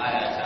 aya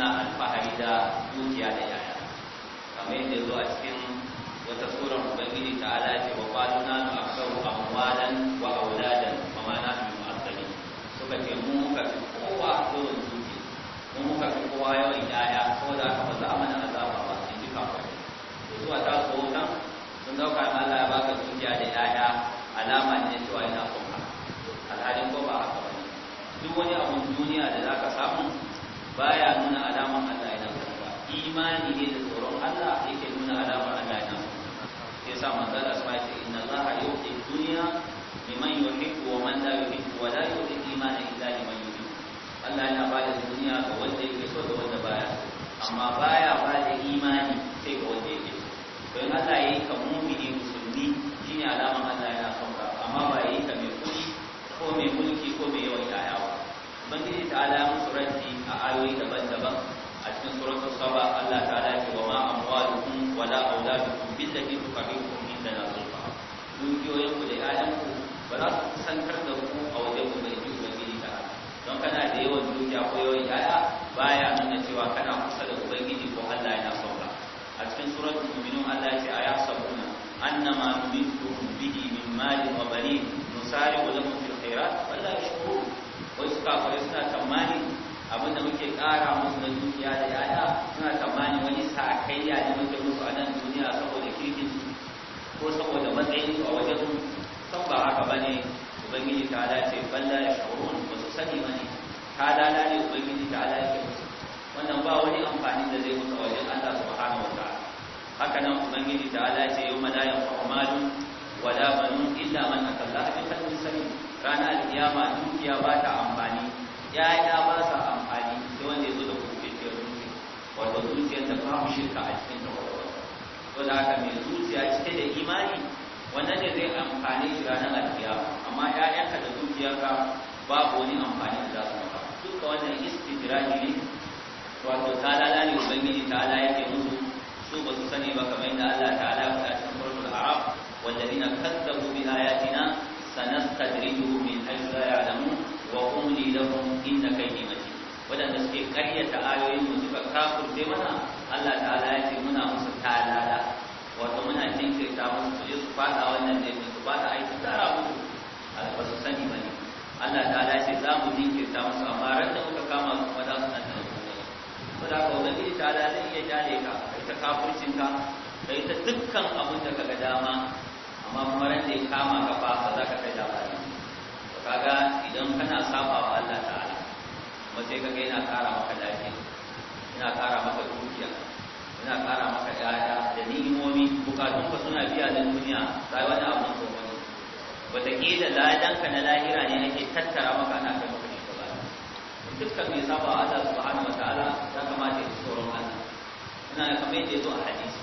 suna alfahari da dukiya da yaya kamar yadda zo a cikin wata surar ubangiji ta ala ce wa qaluna aksaru amwalan wa auladan ba ma na nahnu mu'azzabin suka ce mu muka fi kowa yawan duki mu muka fi kowa yawan yaya saboda haka ba za mu na azaba ba in ji kafin da zuwa ta so sun dauka na ala ya baka dukiya da yaya alama ne cewa yana kuma alhalin ko ba haka ba ne duk wani abun duniya da zaka samu baya nuna alamar Allah yana so ba imani ne da tsoron Allah yake nuna alamar Allah yana so sai sa manzon Allah sai ce inna Allah yu'ti dunya liman yuhibbu wa man la yuhibbu wa la yu'ti imana illa liman yuhibbu Allah yana ba da duniya ga wanda yake so da wanda baya so amma baya ba da imani sai ga wanda yake so don Allah yayi ka mu'mini musulmi shine alamar Allah yana so amma ba yayi ka mai kuɗi ko mai mulki ko mai yawan yawa. ubangiji ta'ala ya musu ranti a ayoyi daban-daban a cikin suratul saba Allah ta'ala ce wa ma amwalukum wala auladukum billati tuqarribukum indana zulfa dukiyoyin ku da ƴaƴan ku ba za su kusantar da ku a wajen ku bai ji ubangiji ta don kana da yawan dukiya ko yawan ƴaƴa baya nuna cewa kana kusa da ubangiji ko Allah yana son ka a cikin suratul mu'minun Allah ya ce ayasabuna annama nubitu bihi min mali wa banin nusari'u lahum fil khairat wala yashkurun wasu kafirai suna tsammani abin da muke ƙara musu na dukiya da yaya suna tsammani wani sakayya ne muke musu a nan duniya saboda kirkin ko saboda matsayin su a wajen su san ba haka ba ne ubangiji ta ala ce balla ya shawarun ba su sani ba ne ta dala ne ubangiji ta ala ce musu wannan ba wani amfani da zai musu a wajen allah subhanahu wa ta'ala haka nan ubangiji ta ala ce yau ma la yanfa'u malun wala banun illa man akallaha bi qalbin salim ranar alkiyama dukiya ba ta amfani ya ba sa amfani sai wanda ya zo da kuɓuɓɓiyar zuciya wato zuciyar da babu shirka a cikin ta to da haka mai zuciya cike da imani wannan ne zai amfani shi ranar alkiyama amma ya'yanka da ka babu wani amfani da za su maka duka wannan istidraji ne wato talala ne ubangiji ta'ala yake musu su ba su sani ba kamar yadda Allah ta'ala ya faɗa cikin suratul a'raf والذين كذبوا ayatina sanastadrijuhum min haythu la ya'lamun wa umli lahum inna kaydi matin wadanda suke karyata ayoyin mu suka kafirce mana Allah ta'ala ya ce muna musu talala wato muna jinkirta musu su je su fada wannan ne su fada ai su tara mu ba su sani ba ne Allah ta'ala ya ce za mu jinkirta musu amma ran da muka kama su kuma za su nan da ko da ka wani ta'ala zai iya jale ka kai ta kafircin ka kai ta dukkan abin da ka ga dama amma kuma ran da ya kama ka fasa za ka kai labari to kaga idan kana saba wa Allah ta'ala kuma sai kaga yana kara maka lafiya yana kara maka dukiya yana kara maka yaya da ni'imomi bukatun ka suna biya da duniya rayuwa da abun so wani wataƙila ladanka na lahira ne ake tattara maka ana kai maka shi gaba dukkan mai saba wa Allah subhanahu wa ta'ala ya kamata ya tsoron Allah ina kamar yadda ya zo a hadisi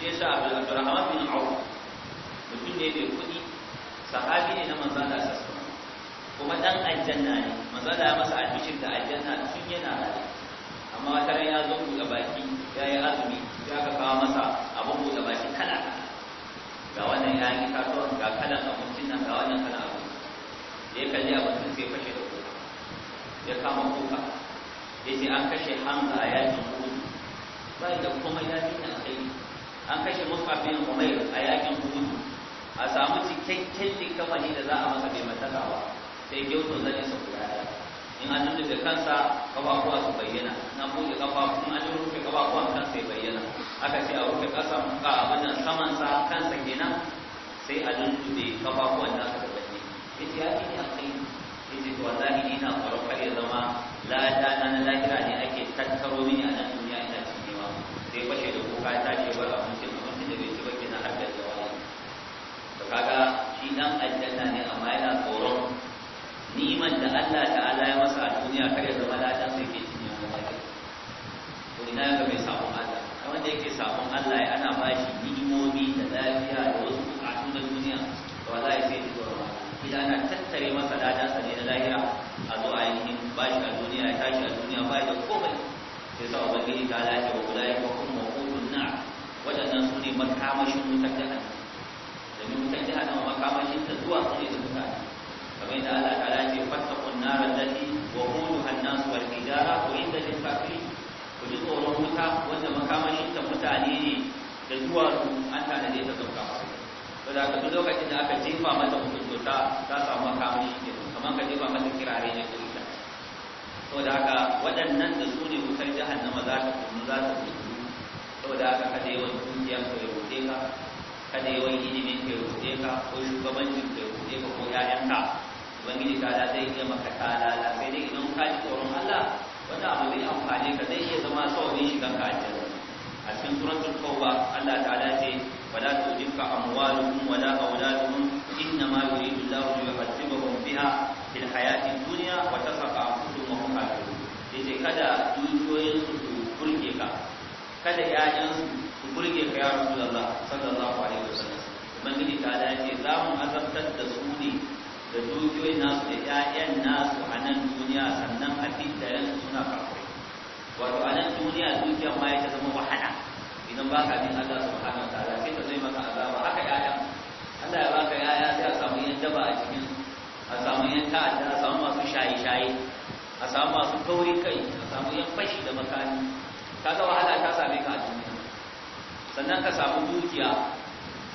shi yasa Abdul Rahman bin Auf mutum ne mai kuɗi sahabi ne na manzon Allah sallallahu kuma dan aljanna ne manzon ya masa albishir da aljanna tun yana rayu amma wata ya zo buɗe baki ya yi azumi ya ka kawo masa abin buɗe baki kala ga wannan ya yi kasuwa ga kalan abincin nan ga wannan kalan abu da ya kalli abincin sai fashe da kuka ya kama kuka ya ce an kashe hamza a yakin kudu Ba da kuma na kai an kashe mus'ab kuma a yakin kudu a samu cikakken likafani da za a masa mai matakawa sai gyauto zane su guda in an da kansa kafafuwa su bayyana na buɗe kafafu in an rufe kafafuwan kansa ya bayyana aka ce a rufe ƙasa ka abin nan samansa kansa kenan sai a lullube kafafuwan nasa aka bayyana ya ce ya kai ce to wallahi ina tsoron kar ya zama lada na na lahira ne ake tattaro mini a nan duniya ina cikin yawa sai kwashe da kuka ta ce bar abin kaga shi nan aljanna ne amma yana tsoron niman da Allah ta'ala ya masa a duniya kar ya zama ladan sai ke cikin wani to ina ga mai sabon Allah kamar da yake sabon Allah ya ana bashi ni'imomi da lafiya da wasu bukatu na duniya to ya sai ji tsoron idan ana tattare masa ladan sa ne na lahira a zo a yi bashi a duniya ya tashi a duniya ba da komai sai sa ubangiji ta lafiya wa ulai wa kuma kuma na wadannan su ne makamashin wutar jahannam wutan jahannama makamashin ta zuwa su ne da mutane kamar yadda Allah ta'ala ce fattaqun nar allati waquduha an-nas wal hijara wa inda lil kafirin ku ji tsoron wuta wanda makamashin ta mutane ne da zuwa su an ta ga kafirai saboda haka duk lokacin da aka jefa mata hukunta ta samu makamashi ne kamar ka jefa mata kirare ne ko ita saboda haka waɗannan da su ne wutar jahannama za ta kuma za ta kuma saboda haka ka dai wani kungiyar ka ya kada yawan ilimin ka rufe ka ko shugabancin ka rufe ka ko ƴaƴanka ubangiji ta da zai iya maka talala sai dai idan ka ji tsoron Allah wanda abu zai amfane ka zai iya zama saurin shigan ka aljanna a cikin suratul tauba Allah ta'ala ce wala tujibka amwaluhum wala auladuhum innama yuridu Allahu liyu'adhibahum biha fil hayati dunya wa tasaqa anfusuhum kafirun yace kada dukiyoyin su burge ka kada ƴaƴan su ku burge ka ya Allah sallallahu alaihi wasallam ubangiji ta da ce za mu azabtar da su ne da dukiyoyin nasu da ƴaƴan nasu a nan duniya sannan a da su suna kafirai wato a nan duniya dukiya ma ya ta zama wahala idan ba ka bin Allah subhanahu wa ta'ala sai ta zai maka azaba haka ƴaƴan Allah ya baka ƴaƴa sai a samu yan daba a cikin a samu yan ta'adda a samu masu shaye-shaye a samu masu kauri kai a samu yan fashi da makani kaga wahala ta same ka a duniya sannan ka samu dukiya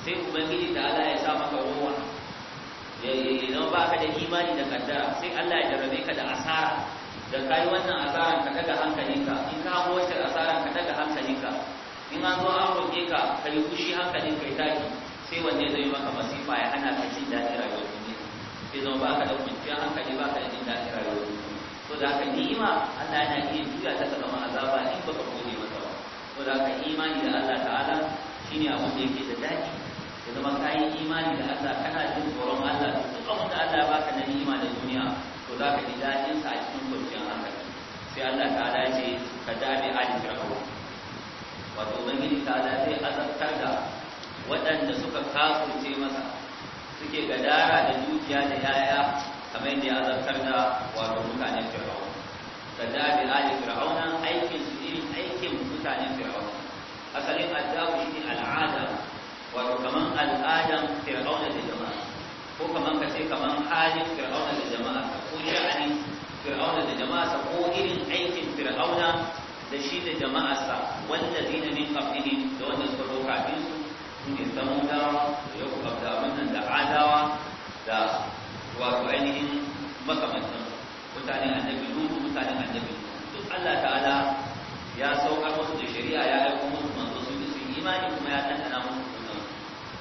sai ubangiji da Allah ya sa maka ruwa ya zama ba ka da imani da kaddara sai Allah ya jarrabe ka da asara da kai wannan asaran ka daga hankalinka in ka hawo wacce asaran ka daga hankalinka in an zo an roƙe ka ka yi fushi hankalinka ya tashi sai wanne zai maka masifa ya hana ka jin daɗin rayuwar duniya sai zama ba ka da kwanciyar hankali ba ka da jin daɗin rayuwar duniya to da haka ni'ima Allah yana iya juya ta zama azaba in baka gode ko da ka imani da Allah ta'ala shine abin da yake da daɗi da zama ka yi imani da Allah kana jin tsoron Allah duk abin da Allah ba ka na ni'ima da duniya to za ka ji daɗin sa a cikin kwanciyar hankali sai Allah ta'ala ya ce ka dabi ali fir'aun wato ubangiji ta'ala zai azabtar da waɗanda suka kafurce masa suke gadara da dukiya da yaya kamar yadda ya azabtar da wato ce kamar halin fir'auna da jama'a ko sha'anin fir'auna da jama'a ko irin aikin fir'auna da shi da jama'arsa wanda zina min qablihi da wanda suka zo kafin su sun ne samudawa da ya kuka da wannan da adawa da wato ainihin makamantan mutanen annabi lutu mutanen annabi duk Allah ta'ala ya saukar musu da shari'a ya aiko musu manzo su yi imani kuma ya tantana musu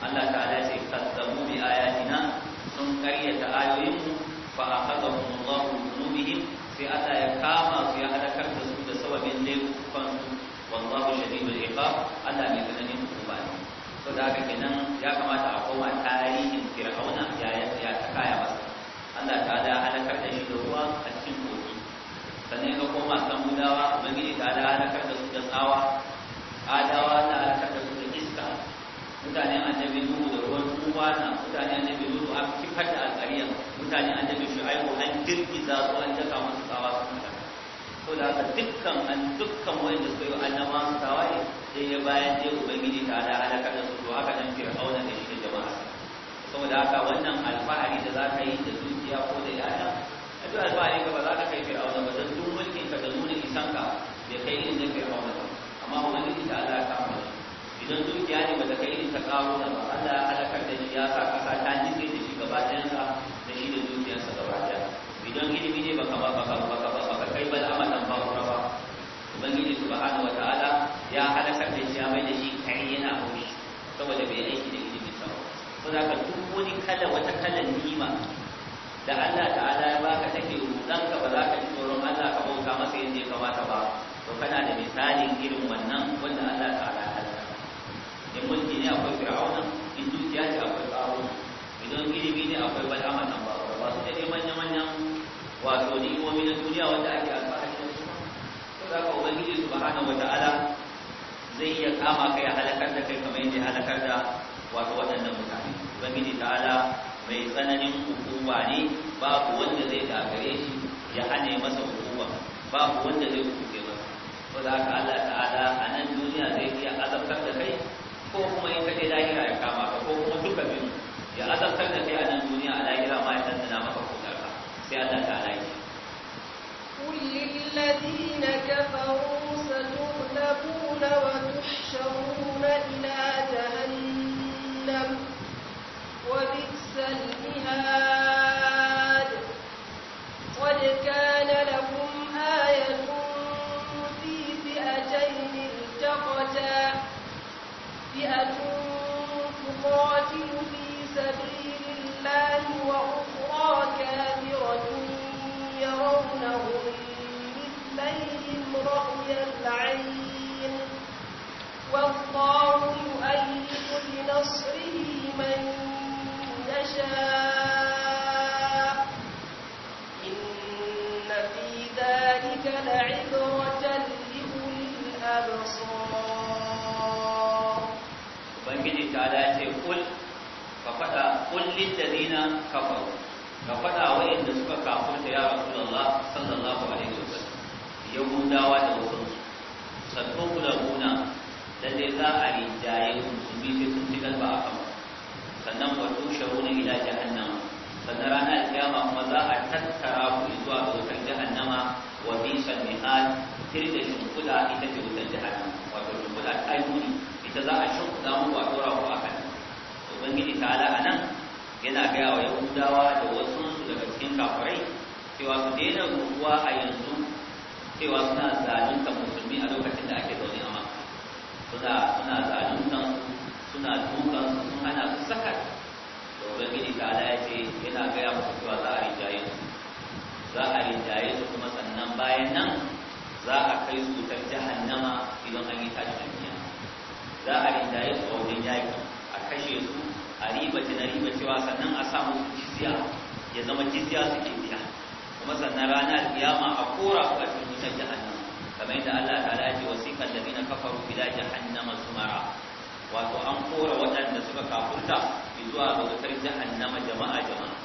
Allah ta'ala ya ce kadzabu bi ayatina sun karyata alimu fa akhadahum Allahu bi dhunubihim sai Allah ya kama su ya halakar da su da sababin laifukan su wallahu shadidul iqab Allah ne ku ba ne so da haka kenan ya kamata a koma tarihin Fir'auna ya ya kaya masa Allah ta da halakar da shi da ruwa a cikin kogi sannan ya koma samudawa ubangiji ta'ala da halakar da su da tsawa adawa ta halakar da su da iska mutanen annabi nuhu da ruwan tuba na mutanen annabi an kifar da alƙariya mutane an dabe shi aiko an girgiza su an daka masu tsawa su kuma so da haka dukkan an dukkan wanda suka yi annaba su ne sai ya bayan dai ubangiji ta da halaka da su to haka nan fir'auna da shi da jama'a saboda haka wannan alfahari da za ka yi da zuciya ko da yaya a duk alfahari ka ba za ka kai fir'auna ba don duk mulkin ka da nuna isanka bai kai irin na fir'auna ba amma ubangiji ta Allah ka kama idan dukiya ne ta kai ta ƙaro da ba Allah ya halakar da shi ya sa ƙasa ta nitse gaba ɗayansa da shi da dukiyarsa gaba ɗaya idan ilimi ne baka ba baka baka ba baka kai ba da amatan ba ku ba ubangiji subhanahu wataala ya halakar da shi ya mai da shi kai yana haushi saboda bai aiki da ilimin sa ko da ka duk wani kala wata kala nima da Allah ta'ala ya baka take rudan ka ba za ka ji tsoron Allah ka bauta masa yadda ya kamata ba to kana da misalin irin wannan wanda Allah ta'ala ya halaka in mulki ne akwai fir'auna in dukiya ce akwai fir'auna idan gini ne akwai bal'ama nan ba ba su ne manya-manyan wato ni'imomi na duniya wanda ake alfahari su ba za ka ubangiji su ba hana wata'ala zai iya kama ka ya halakar da kai kamar yadda halakar da wato waɗannan mutane ubangiji ta'ala mai tsananin hukuma ne babu wanda zai gagare shi ya hane masa hukuma babu wanda zai hukuke masa ko da haka Allah ta'ala a nan duniya zai iya azabtar da kai ko kuma in kaje lahira ya kama ka يا azabtar da kai a nan duniya a lahira ma ya dandana maka kudarka sai Allah قل للذين كفروا ستغلبون وتحشرون إلى جهنم وبئس المهاد قد كان لهم آية في فئتين التقتا فئة تقاتل في سبيل الله وأخرى كافرة يرونهم مثليهم رأي العين والله يؤيد بنصره من يشاء faɗa kullin da zina kafaru ka faɗa wa'inda suka kafurta ya rasulullah sallallahu alaihi wasallam yahudawa da wasu sattu kulabuna da dai za a yi rinjaye musulmi sai sun ci galba a kama sannan wa tusharuna ila jahannama sannan ranar kiyama kuma za a tattara ku zuwa ga wutar jahannama wa bisan mihal tirda shimfuda ita ce wutar jahannama wato shimfuda ta yi ita za a shimfuda mu ba dora ku a kan ubangiji ta ala nan yana gaya wa yahudawa da wasu su daga cikin kafirai cewa su daina ruwa a yanzu cewa suna zalunta musulmi a lokacin da ake zaune a maka suna suna zalunta suna dukan sun hana su saka da ubangiji ta ala ya ce yana gaya musu cewa za a rinjaye su za a rinjaye su kuma sannan bayan nan za a kai su ta jahannama idan an yi tashin za a rinjaye su a wurin yaƙi a kashe su a riba na riba cewa sannan a samu jizya ya zama jizya ke biya kuma sannan ranar kiyama a kora a cikin wutar jahannama kamar yadda Allah ta laji wasiƙar da bina kafaru bila jahannama mara wato an kora waɗanda suka kafurta zuwa ga wutar jahannama jama'a jama'a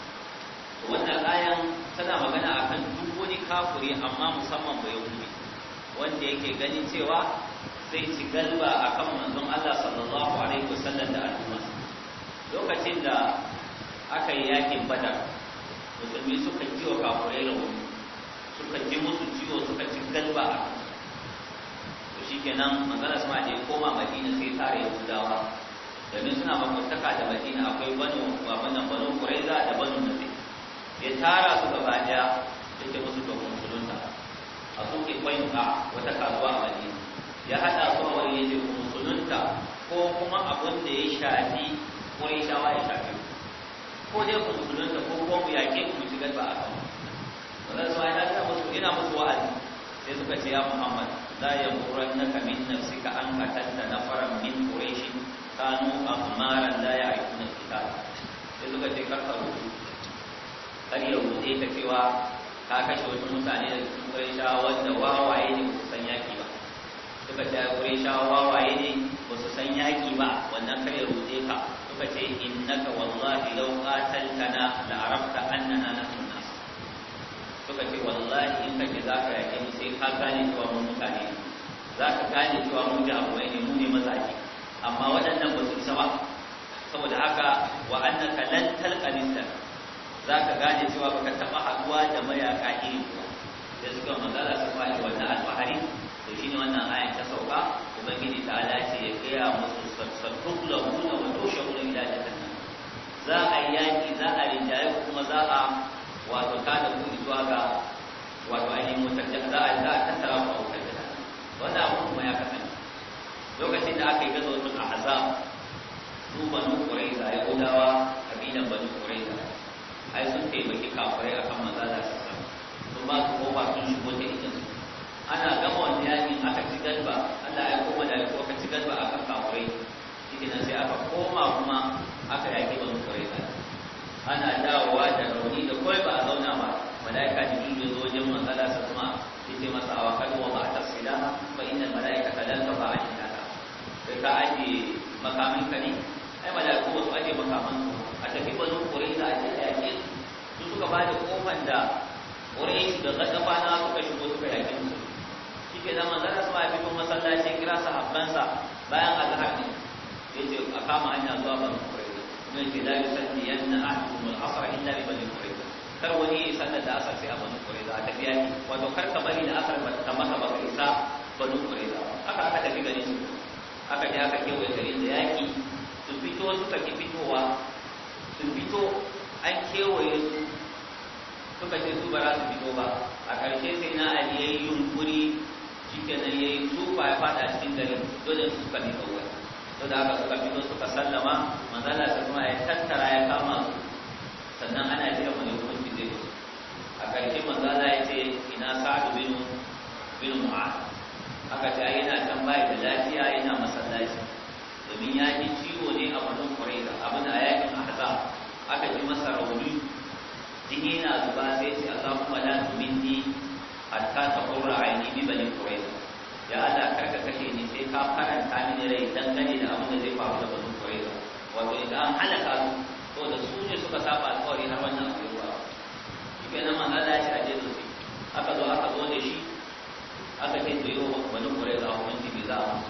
wannan ayan tana magana akan duk wani kafuri amma musamman bai yahudi wanda yake ganin cewa zai ci galba akan manzon Allah sallallahu alaihi wasallam da al'ummarsa lokacin da aka yi yakin badar musulmi suka ji wa kafurai rauni suka ji musu ciwo suka ci galba a to shi kenan manzana su da ya koma madina sai tare dawa domin suna makwantaka da madina akwai banu babban nan banu kuraiza da banu nasi ya tara su gaba daya da ke musu domin musulunta a suke kwanka wata kasuwa a madina ya haɗa su a wani yake musulunta ko kuma abin da ya shafi wani shawa ya shafi ko dai ku musulunta ko ko ku yake ku shiga ba a kan wannan su ayyana ta musu ina musu wa'azi sai suka ce ya muhammad la ka min ka an na nafaran min quraish kanu ya la ya'rifuna kita sai suka ce ka rubu kar ya rute ka cewa ka kashe wasu mutane da cikin quraishawa wanda wawaye ne ba su san yaki ba suka ce quraishawa wawaye ne ba su san yaki ba wannan kar ya rute ka suka ce innaka wallahi law qataltana la arafta annana nahnu nas suka ce wallahi in kaje za ka yake mu sai ka gane cewa mun mutane za ka gane cewa mun da abuwai ne mu ne mazaje amma waɗannan ba su isa ba saboda haka wa annaka lan talqanista za ka gane cewa baka taɓa haɗuwa da mayaka iri ba da suka manzala su fa'i wannan alfahari to shine wannan ayan ta sauka ubangiji ta alace ya gaya musu sattuk lahu na wato shagunan ta jahannam za a yi yaki za a rinjaye kuma za a wato kada ku zuwa ga wato ainihin motar da za a yi za a tattara ku a wutar da wannan abu kuma ya kasance lokacin da aka yi gazo tun a hazam su banu kuraiza ya gudawa kabilan banu kuraiza ai sun taimaki kafirai akan maza da sassan sun ba su kofa sun shigo ta ikin su ana gama wani yaƙi aka ci galba Allah ya koma da yaƙi aka ci galba aka kawai shi nan sai aka koma kuma aka yaƙi ba musu da. ana dawowa da rauni da kawai ba a zauna ba mala'ika da ya zo wajen matsala sa kuma ya ce masa awa kalwa ba a tafsila ba inda mala'ika ka lalka ba a yi naka sai ka ajiye makamin ka ne ai mala'iku aje ajiye makaman a tafi ba zuwa kurai da ajiye yaƙi su suka ba da kofan da kurai da gaggafa na suka shigo suka yaƙi musu ke da manzara su ma fito masallaci kira sahabbansa bayan azhar ne yace a kama hanya zuwa kuraida ne ke ce la yusalli yanna ahadum al-asr illa bi banu qurayza kar wani sallar da asar sai a banu qurayza a tafiya ne wato kar ka bari da asar ta maka ba kai sa banu qurayza aka aka tafi garin su aka je aka kewaye garin da yaki su fito suka ki fitowa su fito an kewaye su suka ce su ba za su fito ba a ƙarshe sai na ali yayi yunkuri ya yi tsufa ya fada cikin garin dole su suka nika wuya to da haka suka fito suka sallama manzala ta kuma ya tattara ya kama sannan ana jira mai hukunci zai zo a ƙarshe manzala ya ce ina sa'adu bin bin mu'ad aka ce yana bai da lafiya yana masallaci domin ya ji ciwo ne a wannan kurega abin a yakin ahza aka ji masa rauni jini na zuba sai ce Allahumma la tuminni hatta ta a aini bi bani quraiza ya ala karka kashe ni sai ka faranta mini rai dangane da abin da zai faru da bani quraiza wato idan an halaka su Ko da su ne suka saba alƙawari har wannan abu ya shi nan manzo da ya ce aje su aka zo aka zo da shi aka ce to yau bani quraiza hukunci bi za a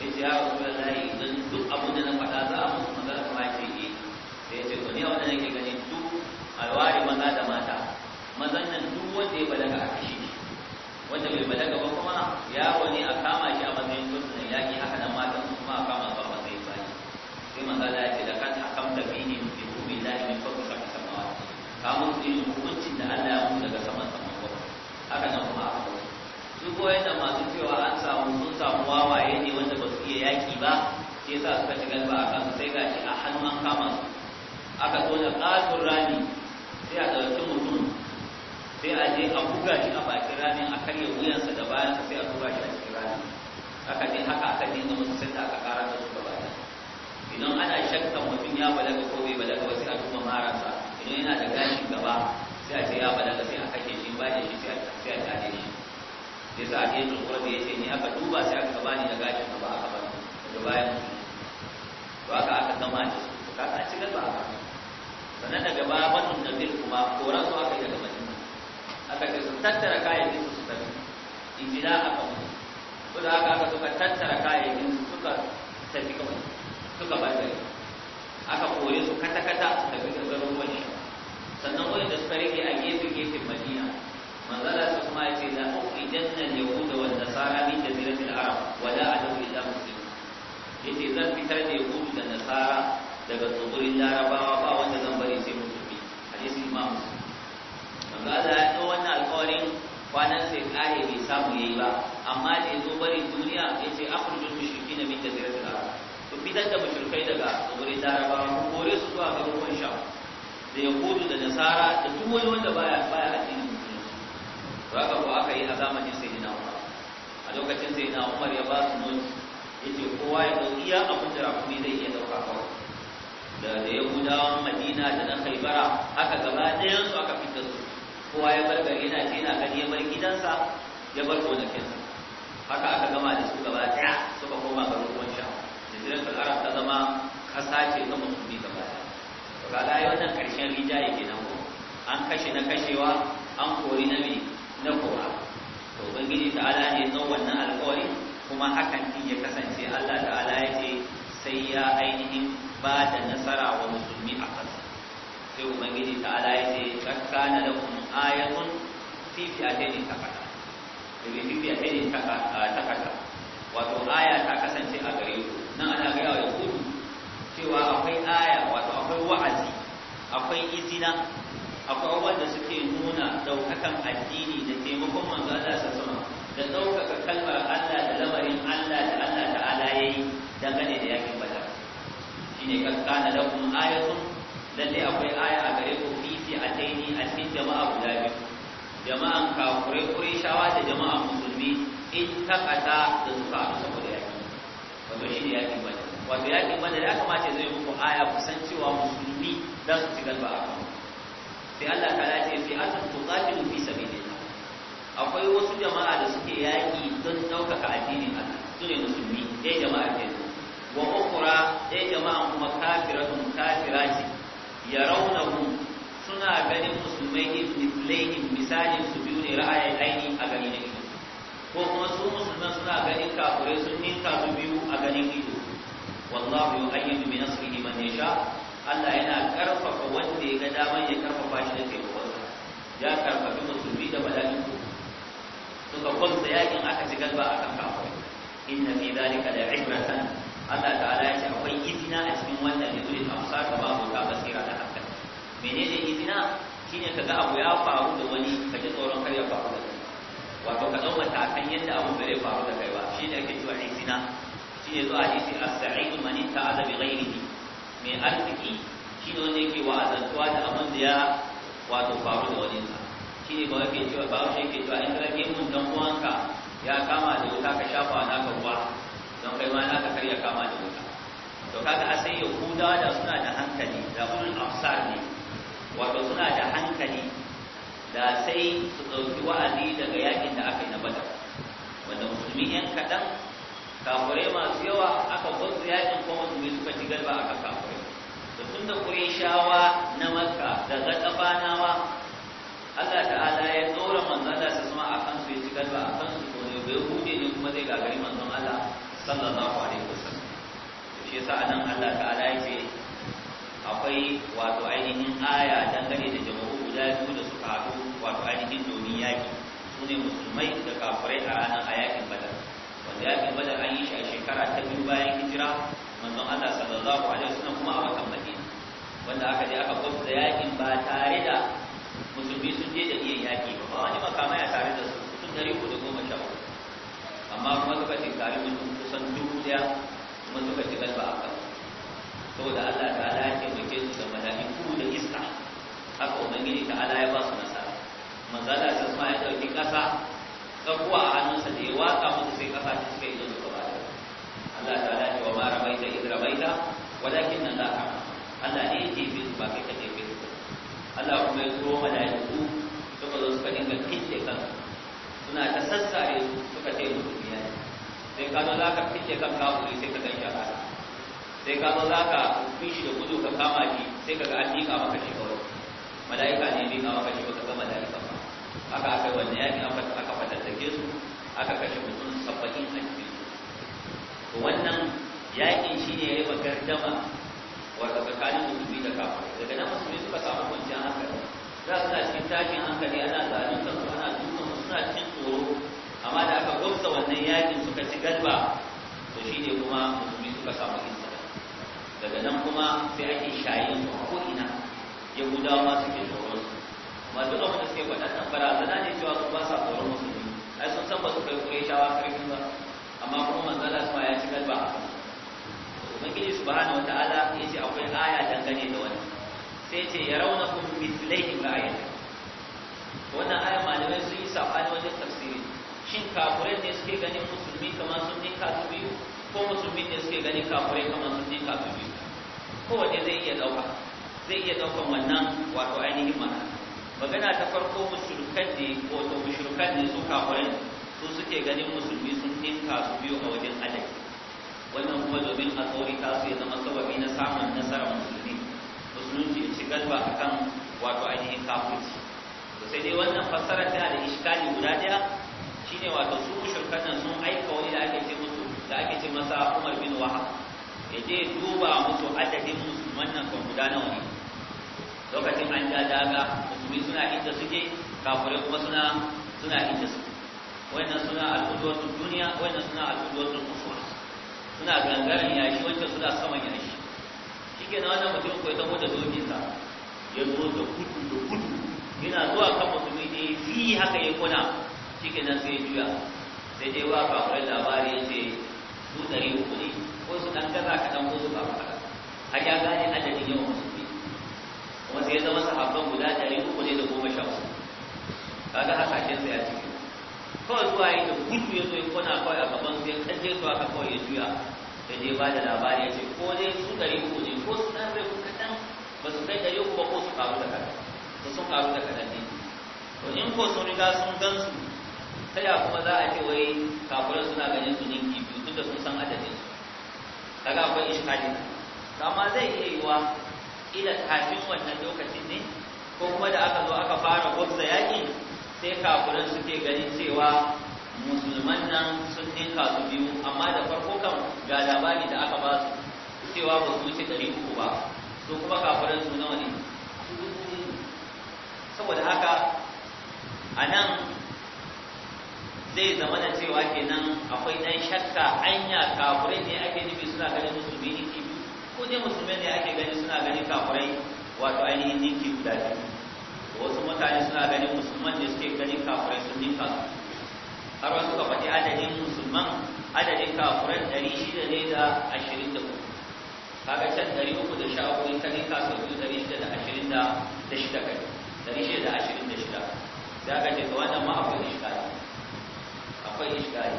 sai ce ya rasulullahi idan duk abin da na faɗa za a musu magana kuma ya ce eh sai ya ce to ni a wannan yake gani duk alwari maza da mata mazan nan duk wanda ya balaga a kashe shi wanda bai balaga ba kuma yawo ne a kama shi a matsayin da yaƙi haka nan matan su kuma a kama su a matsayin bayi sai manzala ya ce da kan hakamta bini bi kumi lahi min fadl ka samawa ka mun tsiri hukuncin da Allah ya mu daga saman saman kwakwa haka nan kuma aka wuce su ko yadda masu cewa an samu sun samu wawaye ne wanda ba su iya yaƙi ba sai sa suka shiga ba a kansu sai shi a hannun kama su aka tona ƙasun rami sai a ɗauki mutum sai a je a buga shi a bakin ramin a karya wuyansa da bayansa sai a tura shi a cikin rani haka ne haka aka dinga musu sanda da aka kara da su gaba idan ana shakka mutum ya balaga ko bai balaga ba sai a tuma marasa idan yana da gashin gaba sai a ce ya balaga sai a kake shi ba da shi sai a tare shi sai sa a ke tsohuwar da ya ce ni aka duba sai aka gaba ni da gashin gaba aka ba da bayan to aka aka gama da su kaka a cikin ba a sannan daga baya batun da zai kuma koran su aka yi daga aka ce su tattara kayayyakin su su tafi injina aka mutu, su da haka aka suka tattara kayayyakin su suka tafi kawai suka ba da aka kore su kata-kata su tafi da garin wani sannan wani da suka rike a gefe-gefen madina manzala su kuma ce la ukhrijanna al-yahuda wan nasara min jaziratil arab wa la adawu illa muslimun yace zan fitar da yahudu da nasara daga tsibirin larabawa ba wanda zan bari sai musulmi hadisi imam muslim to Allah ya ɗau wannan alƙawarin kwanan sai ƙare bai samu ya yi ba amma da ya zo bari duniya ya ce akhrijul mushrikin min jaziratil arab to fitar da mushrikai daga tsibirin larabawa ko kore su zuwa garuruwan sham da ya yahudu da nasara da duk wani wanda baya baya addinin musulunci to haka ko aka yi a zamanin na. umar a lokacin sai na umar ya ba su noti yace kowa ya ɗauki iya abin da rakumi zai iya ɗauka kawai da yahudawan madina da na haibara haka gaba ɗayansu aka fitar su kowa ya bar gari yana ce yana ya bar gidansa ya bar gonakinsa haka aka gama da su gaba daya suka koma garin ruwan sha da jiran arab ta zama kasa ce ta musulmi gaba daya to ga ga wannan karshen rija ke nan ko an kashe na kashewa an kori na me na kora to ubangiji ta'ala ne zan wannan alƙawari kuma hakan din ya kasance Allah ala ya ce sai ya ainihin ba da nasara wa musulmi a kansa sai ubangiji ala ya ce tsakana da kuma ayatun fi fi'atayn takata daga fi'atayn takata wato aya ta kasance a gare ku nan ana ga yawa ku cewa akwai aya wato akwai wa'azi akwai izina akwai wanda suke nuna daukakan addini da taimakon manzo Allah sa sama da daukaka kalmar Allah da lamarin Allah da Allah ta'ala yayi dangane da yakin bada shine kan kana lakum ayatun lalle akwai aya a gare ku fi'ataini a cikin jama'a guda biyu jama'an kure shawa da jama'a musulmi in ta kata da suka haɗu saboda yaki wato shi ne yakin badar wato yakin da aka mace zai muku aya kusan cewa musulmi za su ci galba a kan sai Allah ta ta'ala ce fi'atun mu fi ne akwai wasu jama'a da suke yaki don ɗaukaka addinin Allah su ne musulmi ɗaya jama'a ke kenan wa ukura ɗaya jama'a kuma kafiratun kafirati yarawnahum suna ganin musulmai ne mislaini misalin su biyu ne ra'ayin aini a ganin ido ko kuma su musulman suna ganin kafurai sun ninka su biyu a ganin ido wallahu yu'ayyidu bi nasrihi man yasha Allah yana karfafa wanda ya ga daman ya karfafa shi da taimakon ya karfafi musulmi da mala'iku suka kwamsa yakin aka ci galba akan kafurai inna fi dhalika la'ibratan Allah ta'ala ya ce akwai izina a cikin wannan yanzu da amsa ka babu ka basira da menene izina shine ka ga abu ya faru da wani ka ji tsoron kar ya faru da kai wato ka ɗau kan yadda abu bai faru da kai ba shine ake cewa izina shine zuwa hadisi as-sa'idu man ta'aza bi ghairihi mai arziki shine wanda yake wa'azantuwa da abin da ya wato faru da wani sa shine ba yake cewa ba shi yake cewa in rage mun dan uwanka ya kama da wuta ka shafa naka ruwa don kai ma naka ka karya kama da wuta to kaga asai yahudawa da suna da hankali da ulul absar ne wato suna da hankali da sai su ɗauki wa'azi daga yakin da aka yi na bada wanda musulmi yan kaɗan kafurai masu yawa aka gwamza yakin ko musulmi suka ci galba aka kafurai da tun da shawa na makka da gaɗaɓanawa allah ta'ala ya tsora manzo allah su suma a kansu ya ci galba a kansu ko ne bai hude ne kuma zai gagari manzo allah sallallahu alaihi wasallam shi yasa anan allah ta'ala ya ce akwai wato ainihin aya dangane da jama'u guda biyu da suka haɗu wato ainihin domin yaƙi su ne musulmai da kafirai a ranar a yaƙin badar wanda yaƙin badar an yi shi a shekara ta biyu bayan hijira manzon Allah sallallahu alaihi wasallam kuma a watan Madina wanda aka je aka gwamta yaƙin ba tare da musulmi sun je da iya yaƙi ba ba wani makama ya tare da su sun dari ko da goma sha uku amma kuma suka da su kusan dubu ɗaya kuma suka ci galba a kan saboda Allah ta ala ya taimake su da mala'iku da iska haka ubangiji ala ya ba su nasara manzala sai kuma ya dauki kasa tsakuwa a hannunsa da ya waka musu sai kasa ta cika yi suka ba Allah ta'ala ce wa da idra id da walakin nan da haka Allah ne ya jefe su ba kai ka jefe su Allah kuma ya turo mala'iku suka zo suka dinga kike kan suna ta sassare suka ce musu biya sai ka zo za ka kince kan kafuri sai ka ganshi a ƙasa sai ka zo za ka fi shi da gudu ka kama shi sai ka ga an miƙa maka shi kawai mala'ika ne miƙa maka shi baka ga mala'ika ba haka aka yi wannan yaƙi aka fatattake su aka kashe mutum sabbin a cikin to wannan yaƙin shi ne ya yi magardama wata tsakanin musulmi da kafa daga nan musulmi suka samu kwanciyar hankali za su na cikin tashin hankali ana zalin kansu ana dukkan suna cikin tsoro amma da aka gwamsa wannan yaƙin suka ci galba to shi ne kuma musulmi suka samu izini daga nan kuma sai ake shayin ko ina yahudawa suke tsoron su amma duk abin da suke fara zana ne cewa su ba sa tsoron musulmi ai sun san ba su kai shawa karfi ba amma kuma manzala su ya ci galba a su bahana wata ala ya ce akwai aya dangane da wani. sai ce ya rauna kun ga ra'ayatan wannan aya malamai sun yi sabani wajen tafsiri shin kafurai ne suke ganin musulmi kamar sun ne su biyu ko musulmi ne suke ganin kafurai kamar sun ne su biyu kowanne zai iya ɗauka zai iya ɗaukan wannan wato ainihin mana magana ta farko mushrikan ne wato mushrikan ne su kafirai su suke ganin musulmi sun dinka su biyo a wajen adadi wannan kuma domin a ta su ya zama sababi na samun nasarar musulmi musulunci ya ci galba kan wato ainihin kafirci to sai dai wannan fassarar tana da iskali guda daya shine wato su mushrikan nan sun aika wani da ake ce musu da ake ce masa Umar bin Wahab ya je duba musu adadin musulman nan kan guda nawa ne lokacin an ja daga musulmi suna inda suke kafirai kuma suna suna inda suke wannan suna al'udwatul duniya wannan suna al'udwatul kufur suna gangaren yashi wancan suna saman yashi na wannan mutum ko ya taho da dokinsa ya zo da kudu da kudu yana zuwa kan musulmi ne fi haka ya kuna nan sai ya juya sai dai wa kafirai labari ya ce su ɗari uku ne ko su dan gaza kaɗan ko su ba kaɗan har ya gane adadin yawan musulmi kuma sai ya zama sahabban guda ɗari uku ne da goma sha uku kaga hasashen sa ya ci, kawai zuwa yi da gudu ya zo ya kona kawai a gaban su ya kaje su aka kawai ya juya da je ba da labari ya ce ko dai su ɗari uku ne ko su ɗan rai kaɗan ba su kai ɗari uku ba ko su karu da kaɗan ko sun karu da kaɗan ne to in ko sun riga sun gan su ta ya kuma za a ce wai kafuran suna ganin su ninki biyu duk da sun san adadin su kaga akwai iskali amma zai iya yi wa ila kafin wannan lokacin ne ko kuma da aka zo aka fara gwabza yaƙi sai kafiran suke ganin cewa musulman nan sun ninka su biyu amma da farko kan ga labari da aka ba su cewa ba su wuce ɗari uku ba su kuma kafiran su nawa ne saboda haka a nan zai zama da cewa kenan akwai dan shakka hanya kafurai ne ake nufi suna ganin musulmi ne ke ko dai musulmi ne ake gani suna ganin kafurai wato ainihin ninki guda biyu wasu mutane suna ganin musulman ne suke ganin kafurai sun ninka har wasu ka faɗi adadin musulman adadin kafuran ɗari shida ne da ashirin da uku kaga can ɗari uku da sha uku in ka ninka sau biyu ɗari shida da ashirin da shida kai ɗari shida da ashirin da shida za ka ce ga wannan ma akwai ishkali akwai iskari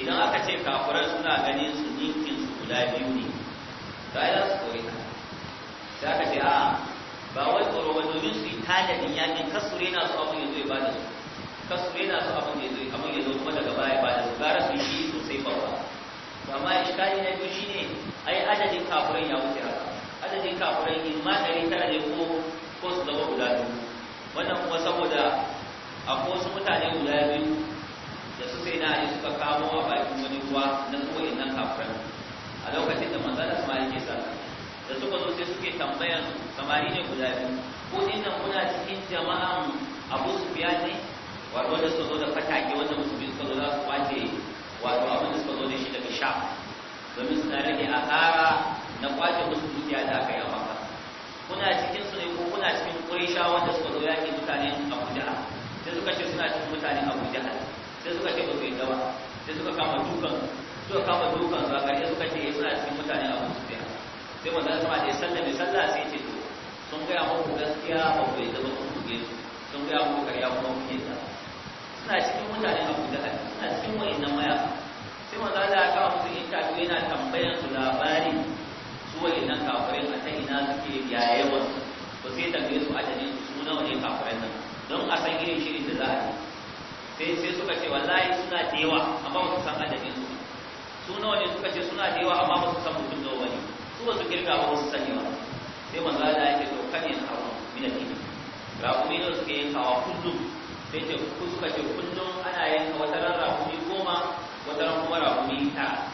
idan aka ce kafiran suna ganin su ninkin su guda biyu ne ba ya su kore ka sai aka ce a ba wai tsoro ba domin su yi tanadin yakin kasu rena su abin ya zo ba da su kasu rena su abin ya zo abin ya zo kuma daga baya ba da su gara su yi shi sosai ba ba amma iskari na biyu shine ai adadin kafiran ya wuce haka adadin kafiran in ma ɗari tara ne ko ko su zama guda biyu wannan kuma saboda ko su mutane guda biyu da na yi suka kamo a bakin wani ruwa na su nan kafin a lokacin da manzala samari ke sallah da suka zo sai suke tambayan samari ne guda biyu ko inda kuna cikin jama'an abu su biya ne wato wanda suka zo da fatake wanda biyu suka zo za su kwace wato abin da suka zo da shi daga sha domin suna rage a kara na kwace musu dukiya da aka yi a maka kuna cikin su ne ko kuna cikin kurisha wanda suka zo yaƙi mutane a abuja sai suka ce suna cikin a abuja sai suka ce musu yadda ba sai suka kama dukan suka kama dukan su a iya suka ce suna cikin mutane a wasu biya sai wanda ya sama da ya mai sallah sai ce to sun gaya muku gaskiya ba ku yadda ba ku buge su sun gaya muku ya kuma ku yadda suna cikin mutane a kudu da suna cikin wayannan maya sai wanda Allah ya kama musu ko yana tambayan su labari su wayannan kafirin a ta ina suke yayewa ba sai tambaye su adadin su nawa ne kafirin nan don a san irin shirin da za a yi sai sai suka ce wallahi suna da yawa amma ba su san adadin su su nawa ne suka ce suna da yawa amma ba su san mutum da wani su ba su kirga ba su sani ba sai manzo Allah yake to kan yin hawa min al-ibil raƙumi ne suke yin hawa kullum sai ce ku suka ce kullum ana yin wata ran raƙumi goma wata ran kuma raƙumi tara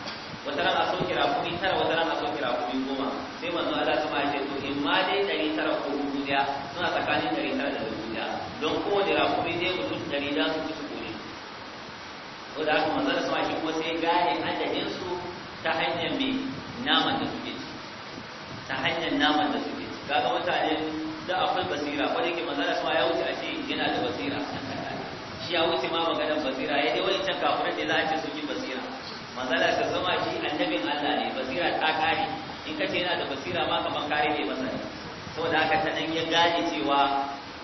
wata ran a sauke raƙumi tara wata ran a sauke raƙumi goma sai manzo Allah su ma ce to in ma dai dari tara ko dubu ɗaya suna tsakanin dari tara da dubu ɗaya don kowane raƙumi dai mutum dari da su ko da aka manzon sama shi ko sai gane adadin su ta hanyar me naman da suke ci ta hanyar naman da suke ci kaga mutane da akwai basira ko da yake manzon sama ya wuce a ce yana da basira shi ya wuce ma maganar basira ya dai wancan kafirin da za a ce sun yi basira manzon ta zama shi annabin Allah ne basira ta kare in ka ce yana da basira ma ban kare ne masa saboda haka ta nan ya gane cewa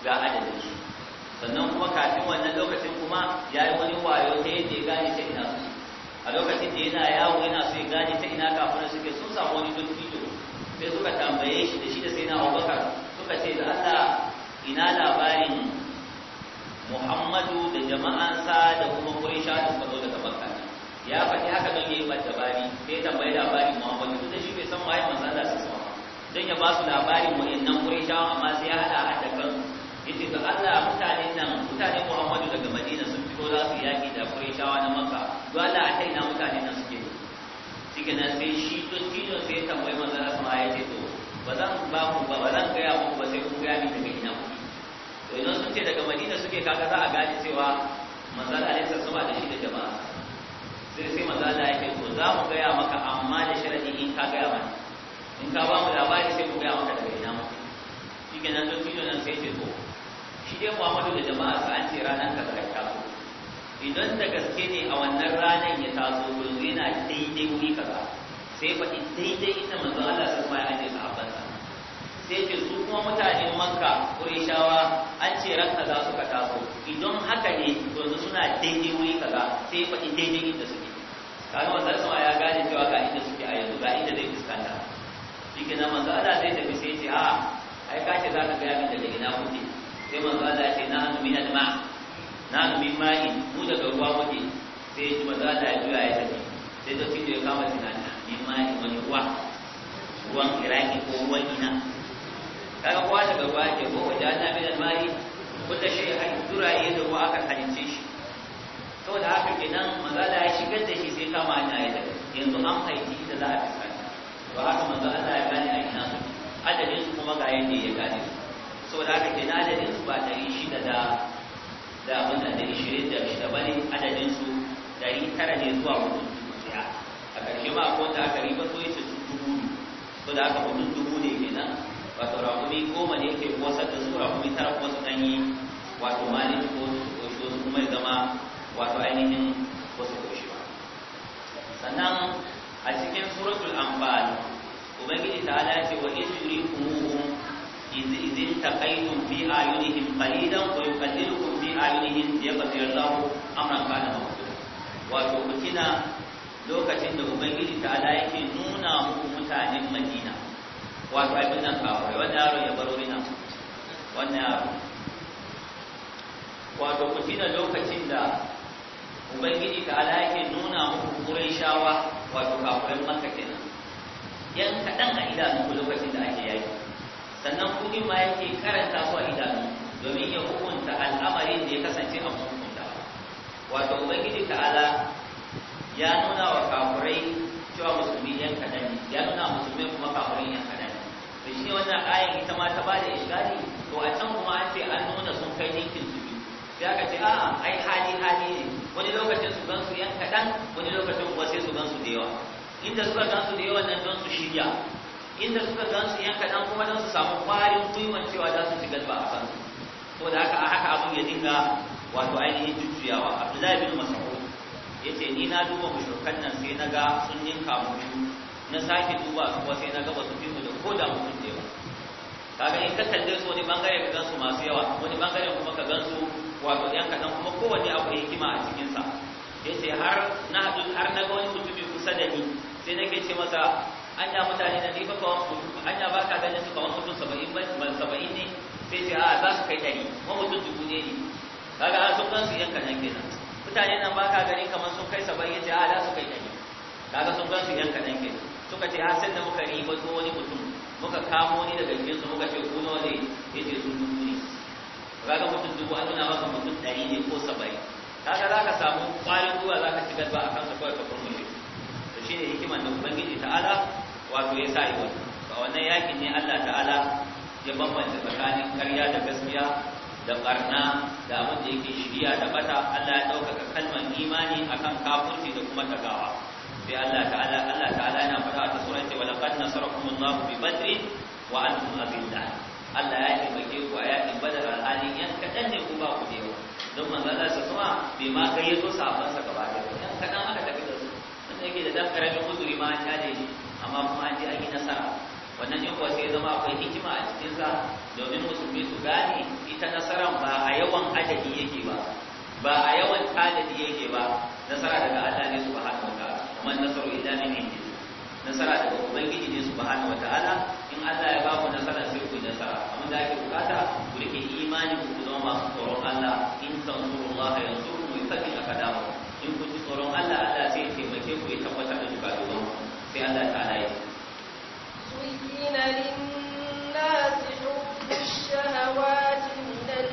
ga adadin su sannan kuma kafin wannan lokacin kuma ya yi wani wayo ta yadda ya gane ta ina su a lokacin da yana yawo yana so ya gane ta ina kafin suke sun samu wani fito. sai suka tambaye shi da shi da sai na abubakar suka ce da allah ina labarin muhammadu da jama'ansa da kuma kurisha da suka zo daga ya faɗi haka don yayi mata labari sai ya tambayi labarin muhammadu da shi bai san waye manzo allah sai sama don ya ba su labarin wa'annan kurisha amma sai ya haɗa ga Allah mutane nan mutane Muhammadu daga Madina sun fito za su yaki da Quraishawa na Makka to Allah a kai na mutane nan suke suke na sai shi to tijo sai tambayi manzon Allah ya ce to ba zan ba ku ba ba zan ga ya ku ba sai ku ga ni daga ina ku to idan sun ce daga Madina suke kaga za a gane cewa manzon Allah sai sama da shi da jama'a sai sai manzon Allah ya ce to za mu ga ya maka amma da sharadi in ka ga ya mana in ka ba mu labari sai mu ga maka daga ina mu shi nan to tijo nan sai ce to shi dai Muhammadu da jama'a sa an ce ranar karkata idan da gaske ne a wannan ranar ya taso yanzu yana daidai wuri kaza sai faɗi daidai ita manzo Allah ya ce aje sahabbansa sai ce su kuma mutanen Makka Qurayshawa an ce ran kaza suka taso idan haka ne su suna daidai wuri kaza sai faɗi daidai inda suke kaga wannan sama ya gane cewa ga inda suke a yanzu ga inda zai fuskanta shi ke nan manzo Allah zai tafi sai ce a ai ka ce za ka ga yamin daga ina kuke sai manzo Allah ce na min al-ma na min ma'i mu daga ruwa muke sai ji manzo Allah ya juya ya tafi sai ta cikin ya kama tunani min ma'i wani ruwa ruwan iraki ko ruwan ina kaga kowa daga ruwa ke ko wajen ana min al-ma'i ya shay zura ya da ruwa aka halince shi saboda haka kenan manzo Allah ya shigar da shi sai kama ana ya tafi yanzu an haiti da za a fi sa ba haka manzo Allah ya gane a ina adadin su kuma ga yadda ya gane su saboda haka kenan adadin su ba ɗari shida da da abin da ɗari shirin da shida ba ne adadin su ɗari tara ne zuwa mutum dubu ɗaya a ƙarshe ma ko ta aka riba so ya ce su dubu ne saboda haka mutum dubu ne kenan wato ko goma ne yake wasa da su rahumi tara kuma su ɗanyi wato malin ko su kuma zama wato ainihin wasu koshi ba sannan a cikin suratul anfal ubangiji ta ala ce wa in kuma إذ التقيتم في أعينهم قليلا ويقللكم في أعينهم ليغفر الله أمرا كان مغفورا وتوكتنا lokacin da ubangiji ta ala yake nuna muku mutanen madina wato abin nan kawai wannan yaron ya baro ina wannan yaron wato ku lokacin da ubangiji ta ala yake nuna muku kurai shawa wato kafurin maka kenan yan kaɗan a idanun ku lokacin da ake yaki sannan kudin ma yake karanta ko idanu domin ya hukunta al'amarin da ya kasance a hukunta wato ubangiji ta'ala ya nuna wa kafurai cewa musulmi yan kadan ya nuna musulmi kuma kafurai yan kadan to shi wannan ayin ita ma ta bada ishari to a can kuma an ce an nuna sun kai ninkin su biyu sai aka ce a'a ai hali hali ne wani lokacin su gan su yan kadan wani lokacin kuma sai su gan su da yawa inda suka gan su da yawa nan don su shirya inda suka gansu yanka dan kuma dan su samu ƙwarin gwiwan cewa za su shiga ba a kansu to da haka a haka abin ya dinga wato ainihin jujjuyawa abdullahi bin mas'ud ya ce ni na duba mushrikan nan sai na ga sun ninka mu na sake duba su kuma sai na ga wasu su mu da ko da mutum da yawa kaga in ka kalle su wani bangare ka gansu masu yawa wani bangare kuma ka gansu wato yan kaɗan kuma kowanne akwai hikima a cikinsa ya ce har na har na ga wani mutumi kusa da ni sai nake ce masa anya mutane na ne baka wani mutum anya baka ka ganin su kawan mutum saba'in ba saba'in ne sai sai a za su kai dari ma mutum dubu ne ne kaga an sun gansu yanka nan kenan mutane nan baka gani kamar sun kai saba'in ya ce a za su kai dari kaga sun gansu yanka nan kenan suka ce har sai da muka ba zo wani mutum muka kamo ni daga gidan su muka ce ku ne ya ce su dubu ne kaga mutum dubu an nuna maka mutum ɗari ne ko saba'in kaga za ka samu ƙwarin zuwa za ka ci ba a kansa kawai ka kurmushe to shine hikimar da ubangiji ta'ala wato ya sa yi wannan a wannan yakin ne Allah ta'ala ya bambanta tsakanin karya da gaskiya da barna da abin da yake shirya da bata Allah ya ɗaukaka kalmar imani akan kafirci da kuma tagawa sai Allah ta'ala Allah ta'ala yana faɗa ta sura ce walaqad nasarakumullahu bi badri wa antum abillah Allah ya taimake ku a yakin badar alhalin yan kaɗan ne ku ba ku da yawa don manzo Allah sa kuma bai ma kai ya yaso sahabbansa gaba ɗaya yan kaɗan aka tafi da su wanda yake da ɗan ƙaramin uzuri ma ta ne amma kuma an ji an yi nasara wannan ne sai zama akwai hikima a cikinsa domin musulmi su gane ita nasaran ba a yawan adadi yake ba ba a yawan adadi yake ba nasara daga Allah ne subhanahu wa ta'ala kuma nasaru ila min indi nasara daga ubangiji ne subhanahu wa ta'ala in Allah ya ba ku nasara sai ku nasara amma da ake bukata ku rike imani ku zama masu tsoron Allah in tansurullaha yansurkum wa yuthabbit aqdamakum in ku ji tsoron Allah Allah sai ya Allah ta'ala ya Zuyina linnasi hubbu shahawati minan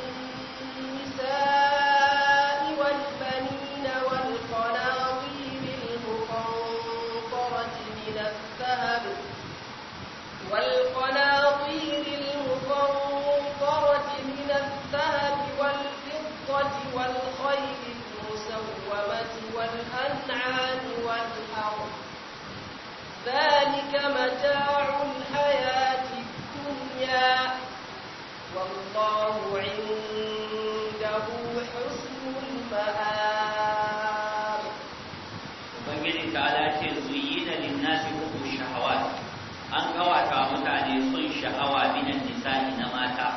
nisa'i wal banina wal qanatir al muqantarati min al-dhahab wal qanatir al muqantarati min al-dhahab wal fiddati wal khayl المسومة والأنعام والأنعام ذلك متاع الحياة الدنيا والله عنده حسن المآب وبنجد تعالى زين للناس حب الشهوات an kawata mutane sun sha'awa minan nisa'i na mata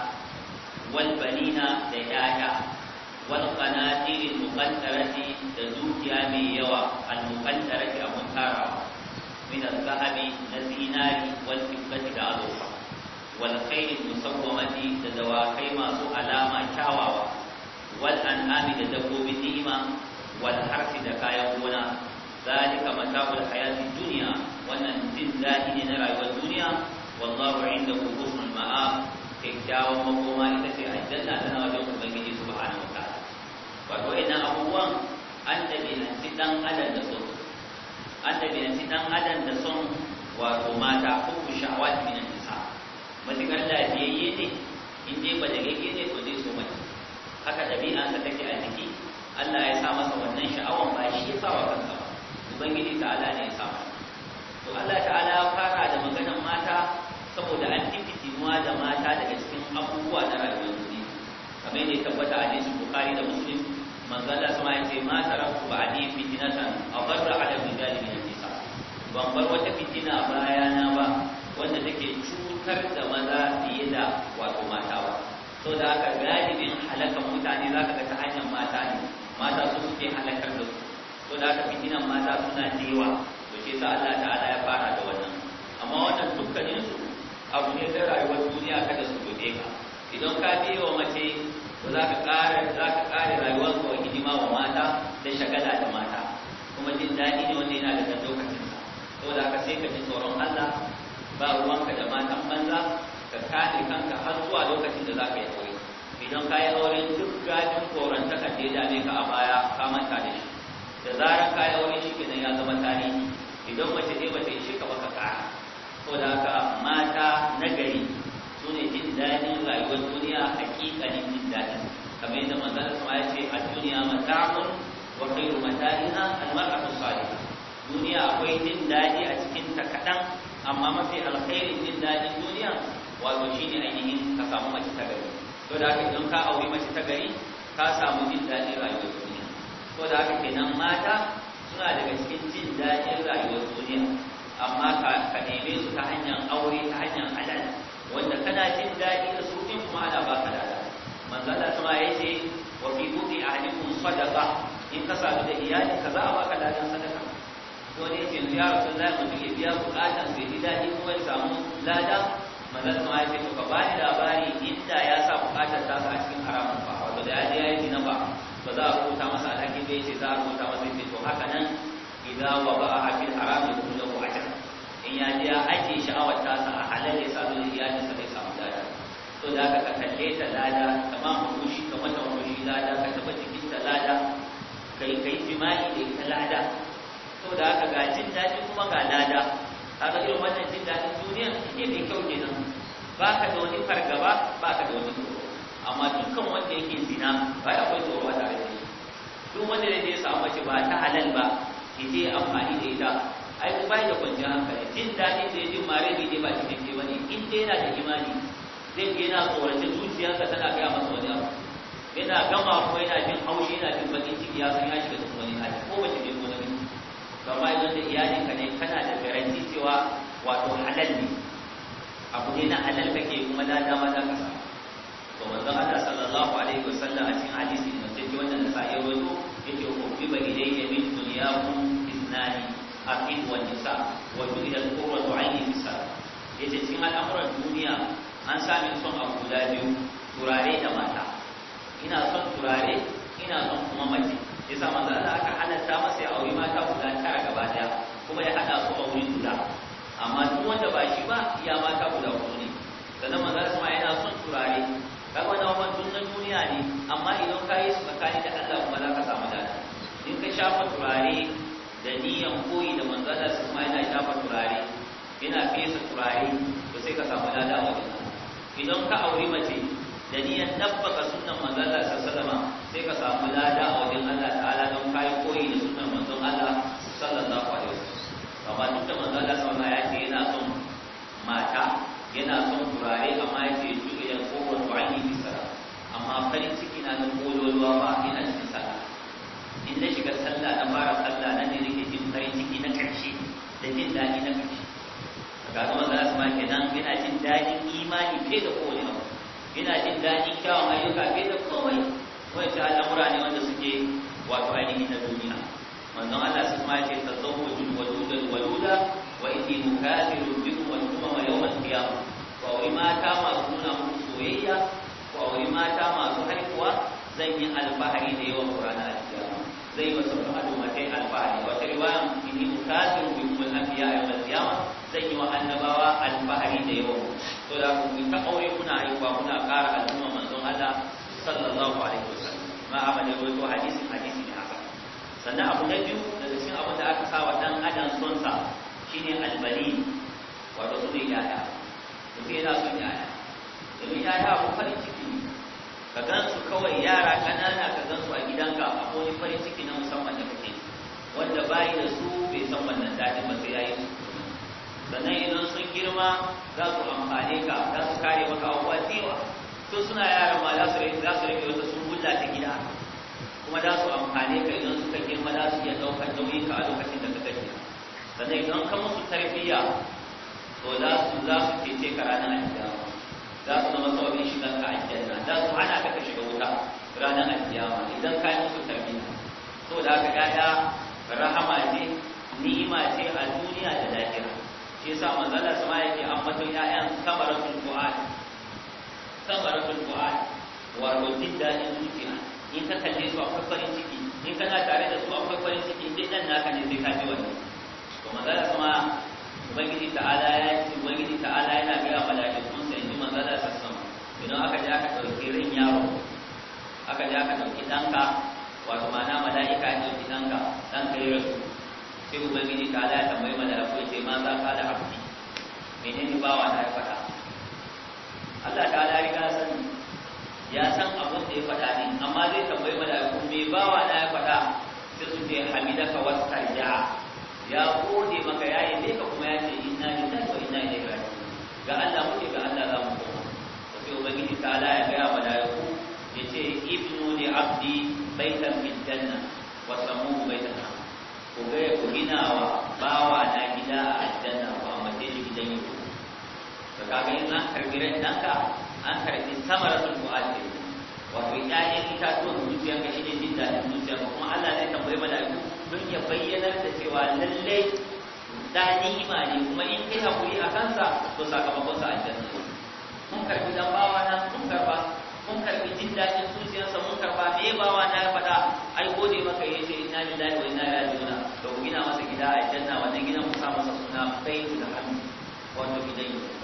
wal banina da yaya wal qanatir muqaddarati da dukiya mai yawa al muqaddarati min zahabi na zinari wal fiddati da azurfa wal khayl musawwamati da dawakai masu alama kyawawa wal an'ami da dabbobin ni'ima wal harfi da kayan gona zalika mata'ul hayati dunya wannan jin daɗi ne na rayuwar duniya wallahu indahu husnul ma'ab kyakkyawan makoma ita ce aljanna tana wajen ubangiji subhanahu wa ta'ala wato ina abubuwan an dabi'anci dan adam da su an dabi'anci dan adam da son wato mata ko ku sha'awat min nisa matukar lafiyayye ne in dai ba da gage ne to zai so mace haka dabi'ansa take a jiki Allah ya sa masa wannan sha'awan ba shi ya sa wa kansa ba ubangiji ta'ala ne ya sa to Allah ta'ala ya fara da maganar mata saboda an fifitinuwa da mata daga cikin abubuwa na rayuwar duniya kamar ne tabbata a jinsin bukari da muslim manzala sama yace ma tarafu ba'di fitnatan abarra ala bidali min nisa ban bar wata fitina na ba wanda take cutar da maza fiye da wato mata ba so da aka bin halaka mutane za ga ta hanyar mata ne mata su suke halakar da su so da aka fitina mata suna da yawa to shi sa Allah ta'ala ya fara da wannan amma wannan dukkanin su abu ne da rayuwar duniya kada su gode ka idan ka biye wa mace to za ka kare za ka rayuwar ka wa hidima wa mata da shagala da mata kuma jin daɗi ne wanda yana da sa to da ka sai ka ji tsoron Allah ba ruwanka da matan banza ka kare kanka har zuwa lokacin da za ka yi aure idan ka yi aure duk gajin koron ta kaje da ne ka a baya ka manta da shi da zarar ka yi aure shi kenan ya zama tarihi idan mace ne ba ta yi shi ka baka kara kamar yadda manzon sama ya ce a duniya mata'un wa khairu mata'iha al-mar'atu salihah duniya akwai jin daɗi a cikin ta kaɗan amma mafi alkhairin jin daɗin duniya wato shine ainihin ka samu mace ta gari to da haka idan ka aure mace ta gari ka samu jin daɗin rayuwar duniya to da haka kenan mata suna daga cikin jin daɗin rayuwar duniya amma ka neme su ta hanyar aure ta hanyar halal wanda kana jin daɗi da su in kuma ba ka da manzo Allah kuma ce wa fi buqi ahlikum sadaqa in ka sadu da iyali ka za a baka ladan sadaka to ne yace ya Rasulullahi mun yi biya bukatan sai dadi kuma ya samu ladan manzo kuma ce to ka bani labari inda ya sa bukatar ta a cikin haramun ba wato da yaji yayi dinan ba ba za a rubuta masa alhaki da yace za a rubuta masa yace to haka nan idza wada'a fil haram yakunu lahu ajr in ya ji ya ake sha'awar tasa a halal ya sadu da iyalinsa so da aka ka kalle ta lada kama hukushi ka mata hukushi lada ka taba jikin ta lada kai kai jima'i da ita lada so da aka ga jin daɗi kuma ga lada kaga irin wannan jin daɗin duniya ne mai kyau ne nan, ba ka da wani fargaba ba ka da wani tsoro amma dukkan wanda yake zina ba ya akwai tsoro a tare da shi duk wanda ne ya samu mace ba ta halal ba ki je amfani da ita ai ba da kwanciyar hankali jin daɗin da ya ji mare ne ba shi ne ba ne in dai yana da imani zai ji yana tsorace zuciyarsa tana gaya masa wani abu yana gama kuma yana jin haushi yana jin bakin ciki ya san ya shiga cikin wani hali ko wace bai gona miki to amma idan da iyalin ka ne kana da garanti cewa wato halal ne abu ne na halal kake kuma na dama da ka samu to manzon Allah sallallahu alaihi wasallam a cikin hadisi ne sai wanda na sa yaro to yake ko bi ba ilayya min dunyakum isnani aqid wa nisa wa tu'ila al-qurratu 'ayni nisa yace cikin al'amuran duniya an sami son abu guda biyu turare da mata ina son turare ina son kuma mace yasa manzo Allah aka halatta masa ya auri mata guda tara gaba daya kuma ya hada su wuri guda amma duk wanda ba shi ba ya mata guda huɗu ne sannan manzo Allah yana son turare kaga wannan wannan na duniya ne amma idan ka yi su tsakani da Allah kuma za ka samu dadi in ka shafa turare da niyan koyi da manzo Allah sai yana shafa turare yana fesa turare to sai ka samu dadi a wajen idan ka auri mace da niyan dabbaka sunnan manzon Allah sallallahu sai ka samu lada a wajen Allah ta'ala don kai koyi da sunnan manzon Allah sallallahu alaihi wasallam amma duk da manzon Allah sallallahu alaihi wasallam yana son mata yana son turare amma yake ju idan kowa tu'ani bi sala amma farin ciki na nan kololuwa ba ina cikin sala in na shiga sallah na fara sallah nan ne nake jin farin ciki na karshe da jin daɗi na karshe Ka kaga manzo asma nan yana jin dadin imani fiye da kowane abu yana jin dadin kyawun ayyuka fiye da komai wanda al'amura ne wanda suke wato ainihin na duniya manzo Allah sai ma yace tazawwaju waluda waluda wa inni mukafirun bikum wal umam yau al-qiyamah wa wai mata masu nuna muku soyayya wa wai mata masu haihuwa zan yi alfahari da yawan Qur'ani a zai yi wasu al'adu matai alfahari wata riwayan inni mukafirun bikum al-anbiya yawm zan yi wa annabawa alfahari da yawa to da ku ta aure kuna haihuwa kuna ƙara al'umma manzon Allah sallallahu alaihi wasallam ma da ko hadisi hadisi ne haka sannan abu na biyu da cikin abu da aka sawa dan adam son sa shine albali wato su ne yaya mutum yana son yaya domin yaya abu farin ciki ne ka gan su kawai yara ƙanana ka gan su a gidanka a wani farin ciki na musamman da kake wanda bayi da su bai san wannan daɗin ba sai yayi su sannan idan sun girma za su amfane ka za su kare maka abubuwa cewa to suna yara ma za su rage wata sun bulla ta gida kuma za su amfane ka idan suka girma za su iya ɗaukar nauyin ka a lokacin da ka gaji sannan idan ka musu tarbiyya to za su za su cece ka ranar ajiya za su zama saurin shigar ka aljanna za su hana ka ka shiga wuta ranar alkiyama idan ka yi musu tarbiyya to da ka gada rahama ce ni'ima ce a duniya da lahira shi yasa Allah sama yake ambaton ƴaƴan samaratul qur'an samaratul qur'an wato jin in zuciya in ka kalle su akwai farin ciki in kana tare da su akwai farin ciki in dan naka ne sai ka ji wani to Allah sama ubangiji ta'ala ya ce ubangiji ta'ala yana gaya sai sa yanzu manzala sassama idan aka je aka ɗauki rin yaro aka je aka ɗauki danka wato ma'ana mala'ika ne ɗauki ɗanka ɗanka ya rasu sai ubangiji ta ala ya tambayi mala'iku ya sai ma za ka da abdi menene bawa na ya fada, Allah ta ala ya sani ya san abin da ya fada ne amma zai tambayi mala'iku me bawa na ya fada? sai su ce hamidaka wastarja ya gode maka ya yi ka kuma ya ce inna lillahi wa inna ilaihi raji'un ga Allah muke ga Allah za mu koma sai ubangiji ta ala ya ga mala'iku ya ce ibnu li abdi baitan min janna wa samu baitan kaga an karbi ran ka, an karbi samaratul mu'azzir wato itatuwa itatuwan zuciyar ka shine jin daɗin zuciyar kuma Allah zai tambayi mala'iku don ya bayyanar da cewa lallai da ni'ima ne kuma in kai hakuri a kansa to sakamakon sa aljanna mun karbi dan bawa na mun karba mun karbi jin daɗin zuciyarsa mun karba me bawa na ya faɗa ai gode maka yace inna lillahi wa inna ilaihi raji'un to gina masa gida a aljanna wannan gidan mu sa masa suna baitul hamd wato gidan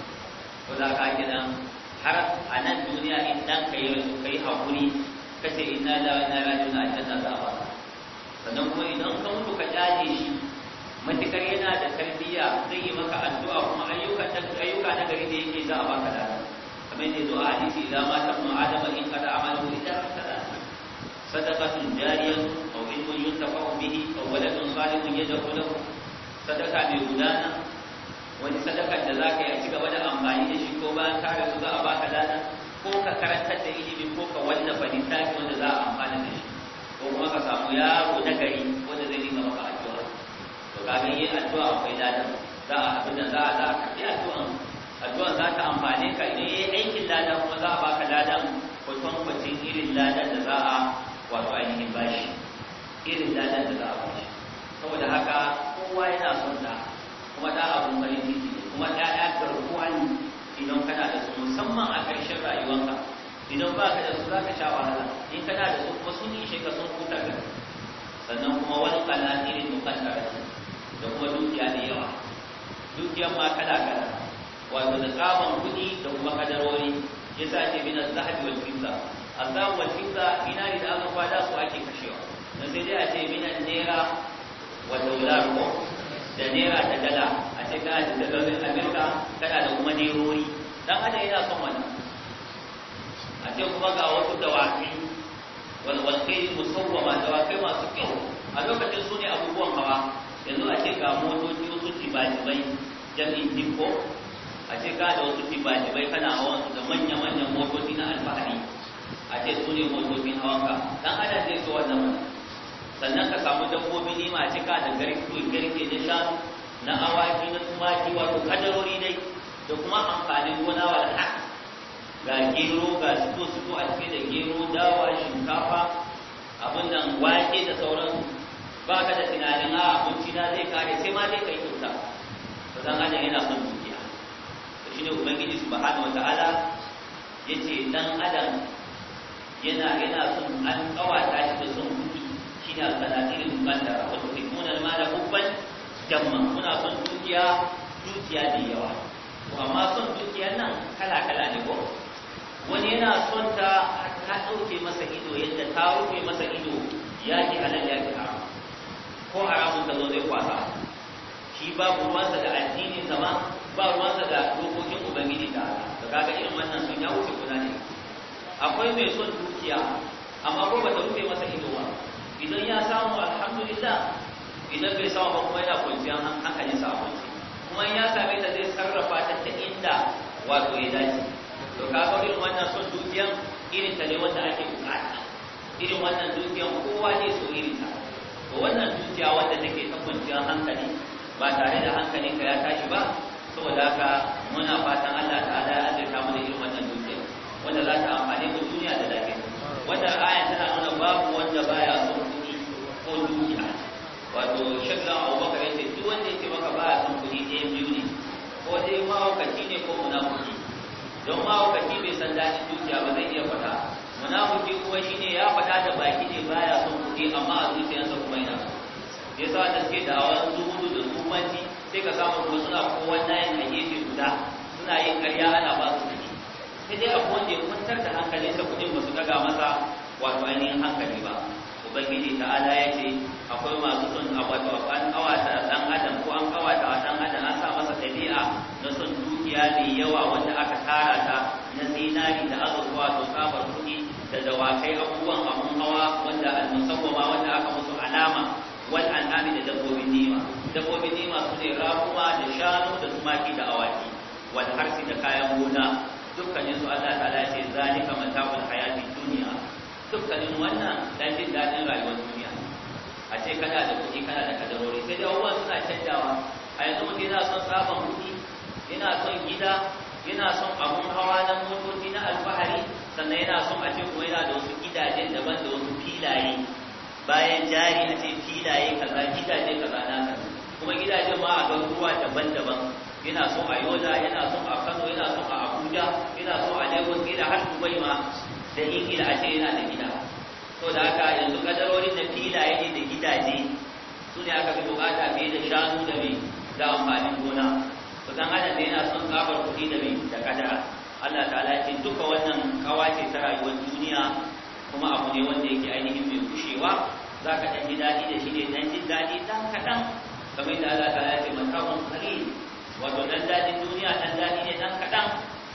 ko za ka nan har a nan duniya in dan ka yi rasu ka yi haƙuri ka ce ina da ina rajin na aljanna za a baka sannan kuma idan ka mutu ka jaje shi matukar yana da tarbiyya zai yi maka addu'a kuma ayyuka ayyuka na gari da yake za a baka da kamar yadda zuwa hadisi idan ma kuma adama in kada amalu illa sadaqatun jariyatun aw ilmun yuntafa'u bihi aw waladun salihun yad'u lahu sadaqa bi gudana wani sadakar da za ka yi a ci gaba da amfani da shi ko bayan ka rasu za a baka lada ko ka karantar da ilimi ko ka wanda wallafa littafi wanda za a amfana da shi ko kuma ka samu yaro na gari wanda zai dinga maka addu'a to kafin yin addu'a akwai lada za a abin da za a za a karɓi addu'a addu'a za ta amfane ka idan yayi aikin lada kuma za a baka ladan kwaton kwacin irin ladan da za a wato ainihin bashi irin ladan da za a bashi saboda haka kowa yana son ta. kuma da abun farin ciki kuma da ya karbuwa ne idan kana da su musamman a ƙarshen rayuwarka idan ba ka da su za ka sha wahala in kana da su kuma sun ishe ka sun huta ka sannan kuma wani kana irin mukaddara da kuma dukiya da yawa dukiyar ma kala kala wato da tsaban kuɗi da kuma kadarori yasa ake bin zahabi wal fidda azab wal fidda ina ne da aka fada su ake kashewa dan sai dai a ce minan naira wa dollar ko da naira da dala a ce kana da dalolin Amurka, kada da kuma nerori dan adam yana son wani a ce kuma ga wasu dawaki walwalkai musawwama dawakai masu kyau a lokacin su ne abubuwan hawa yanzu a ce ga motoci wasu jibajibai jam'in jiko a ce ka da wasu jibajibai kana hawan da manya-manyan motoci na alfahari a ce su ne motocin hawanka dan adam zai so wannan sannan ka samu dabbobi ma cika da garke garke na shanu na awaki na tumaki wato kadarori dai da kuma amfanin gona wa da ga gero ga sito sito a cikin da gero dawa shinkafa abin nan wake da sauran ba ka da tunanin a ah, abinci na zai kare sai ma dai kai kyauta ba zan yana son dukiya to shine ubangiji subhanahu wataala yace dan adam yana yana son an kawata shi da son Ina al-qanatir al-muqaddara wa tuhibbuna al-mala hubban jamma kuna son dukiya dukiya da yawa to amma son dukiyar nan kala kala ne ko wani yana son ta ta dauke masa ido yadda ta rufe masa ido ya ji halal ya ji haram ko haramun ta zo zai kwasa shi babu ruwansa da addinin sama ba ruwansa da dokokin ubangiji da da kaga irin wannan sun ya wuce kuna ne akwai mai son dukiya amma ko ba ta rufe masa ido ba idan ya samu alhamdulillah idan bai samu ba kuma yana kwanciyar hankalin sa kwanci kuma ya same ta zai sarrafa ta ta inda wato ya dace to ka ga irin wannan son dukiyan irin ta ne wanda ake bukata irin wannan dukiyan kowa ne so irin ta to wannan dukiya wanda take ta kwanciya hankali ba tare da ka ya tashi ba saboda haka muna fatan Allah ta'ala ya azurta mana da irin wannan dukiya wanda za ta amfane mu duniya da lafiya wannan aya tana nuna babu wanda baya so ko dukiya wato shakka a ya ce duk wanda yake maka ba a kuɗi ɗaya biyu ne ko dai mahaukaci ne ko munafuki? don mahaukaci bai san daɗin dukiya ba zai iya faɗa Munafuki kuma ne ya faɗa da baki ne baya son kuɗi amma a zuciyarsa kuma yana so yasa da suke da'awar zuhudu da zumanci sai ka samu kuma suna kowa nayin a gefe guda suna yin karya ana ba su kuɗi sai dai abu wanda ya kwantar da hankalinsa kuɗin ba su daga masa wato ainihin hankali ba ubangiji ta'ala ya ce akwai masu son abu an kawata dan adam ko an kawata dan adam an sa masa dabi'a na son dukiya mai yawa wanda aka tara ta na zinari da azurfa to sabar kuɗi da dawakai abubuwan abun hawa wanda al-musawwama wanda aka musu alama wal anami da dabbobin nima dabbobin nima su ne raƙuma da shanu da tumaki da awaki wal harsi da kayan gona dukkanin su Allah ta'ala ya ce zalika mata'ul hayati duniya. dukkanin wannan dan jin daɗin rayuwar duniya a ce kana da kuɗi kana da kadarori sai dai abubuwan suna canjawa a yanzu mutum yana son sabon kuɗi yana son gida yana son abun hawa na motoci na alfahari sannan yana son a ce kuma yana da wasu gidaje daban da wasu filaye bayan jari a ce filaye kaza gidaje kaza na kuma gidaje ma a ga ruwa daban-daban yana son a yola yana son a kano yana son a abuja yana son a lagos yana har dubai ma sai kila a yana da gida to da haka yanzu kadarorin da filaye ne da gidaje su ne aka fi bukata fiye da shanu da mai da amfanin gona to dan adam da yana son tsabar kuɗi da mai da kadara Allah ta'ala ya ce duka wannan kawace ta rayuwar duniya kuma abu ne wanda yake ainihin mai kushewa za ka ɗan ji daɗi da shi ne ɗan jin daɗi ɗan kaɗan kamar yadda Allah ta'ala ya ce matahun kare wato ɗan daɗin duniya ɗan daɗi ne ɗan kaɗan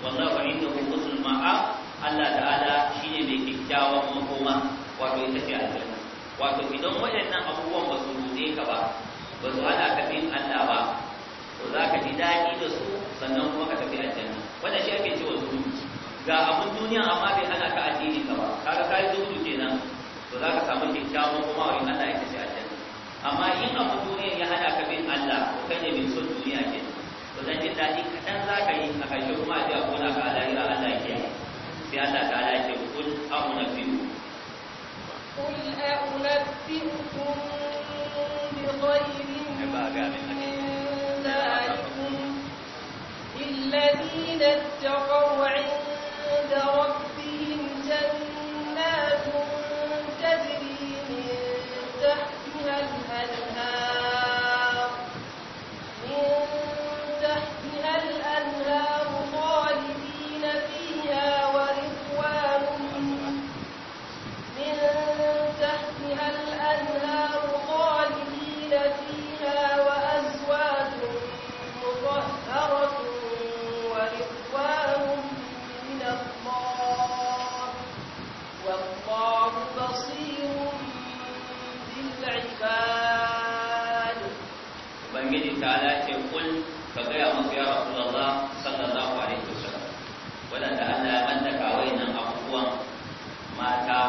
wallahu indahu husnul ma'a Allah ta'ala ne mai kyakkyawan makoma wato ita ce aljanna wato idan waɗannan abubuwan ba su rude ka ba ba su hana ka bin Allah ba to za ka ji daɗi da su sannan kuma ka tafi aljanna wanda shi ake cewa zuhudu ga abun duniya amma bai hana ka addini ka ba kaga kai zuhudu kenan to za ka samu kyakkyawan kuma wani Allah ya tafi aljanna amma in abun duniya ya hana ka bin Allah ko kai ne bin son duniya kenan to zan ji daɗi kaɗan za ka yi a ƙarshe kuma a ji a kona ka a lahira Allah ya sai Allah ta ala ce kul auna fi kul auna fi kun bi ghayrin ba ga min ذلكم للذين اتقوا عند ربهم جنات تجري من تحتها الأنهار خالدين فيها وأزواج مطهرة ورضوان من الله والله بصير بالعباد وبنجد تعالى يقول فقيا مصر يا رسول الله صلى الله عليه وسلم ولن أنا منك وين أقوى mata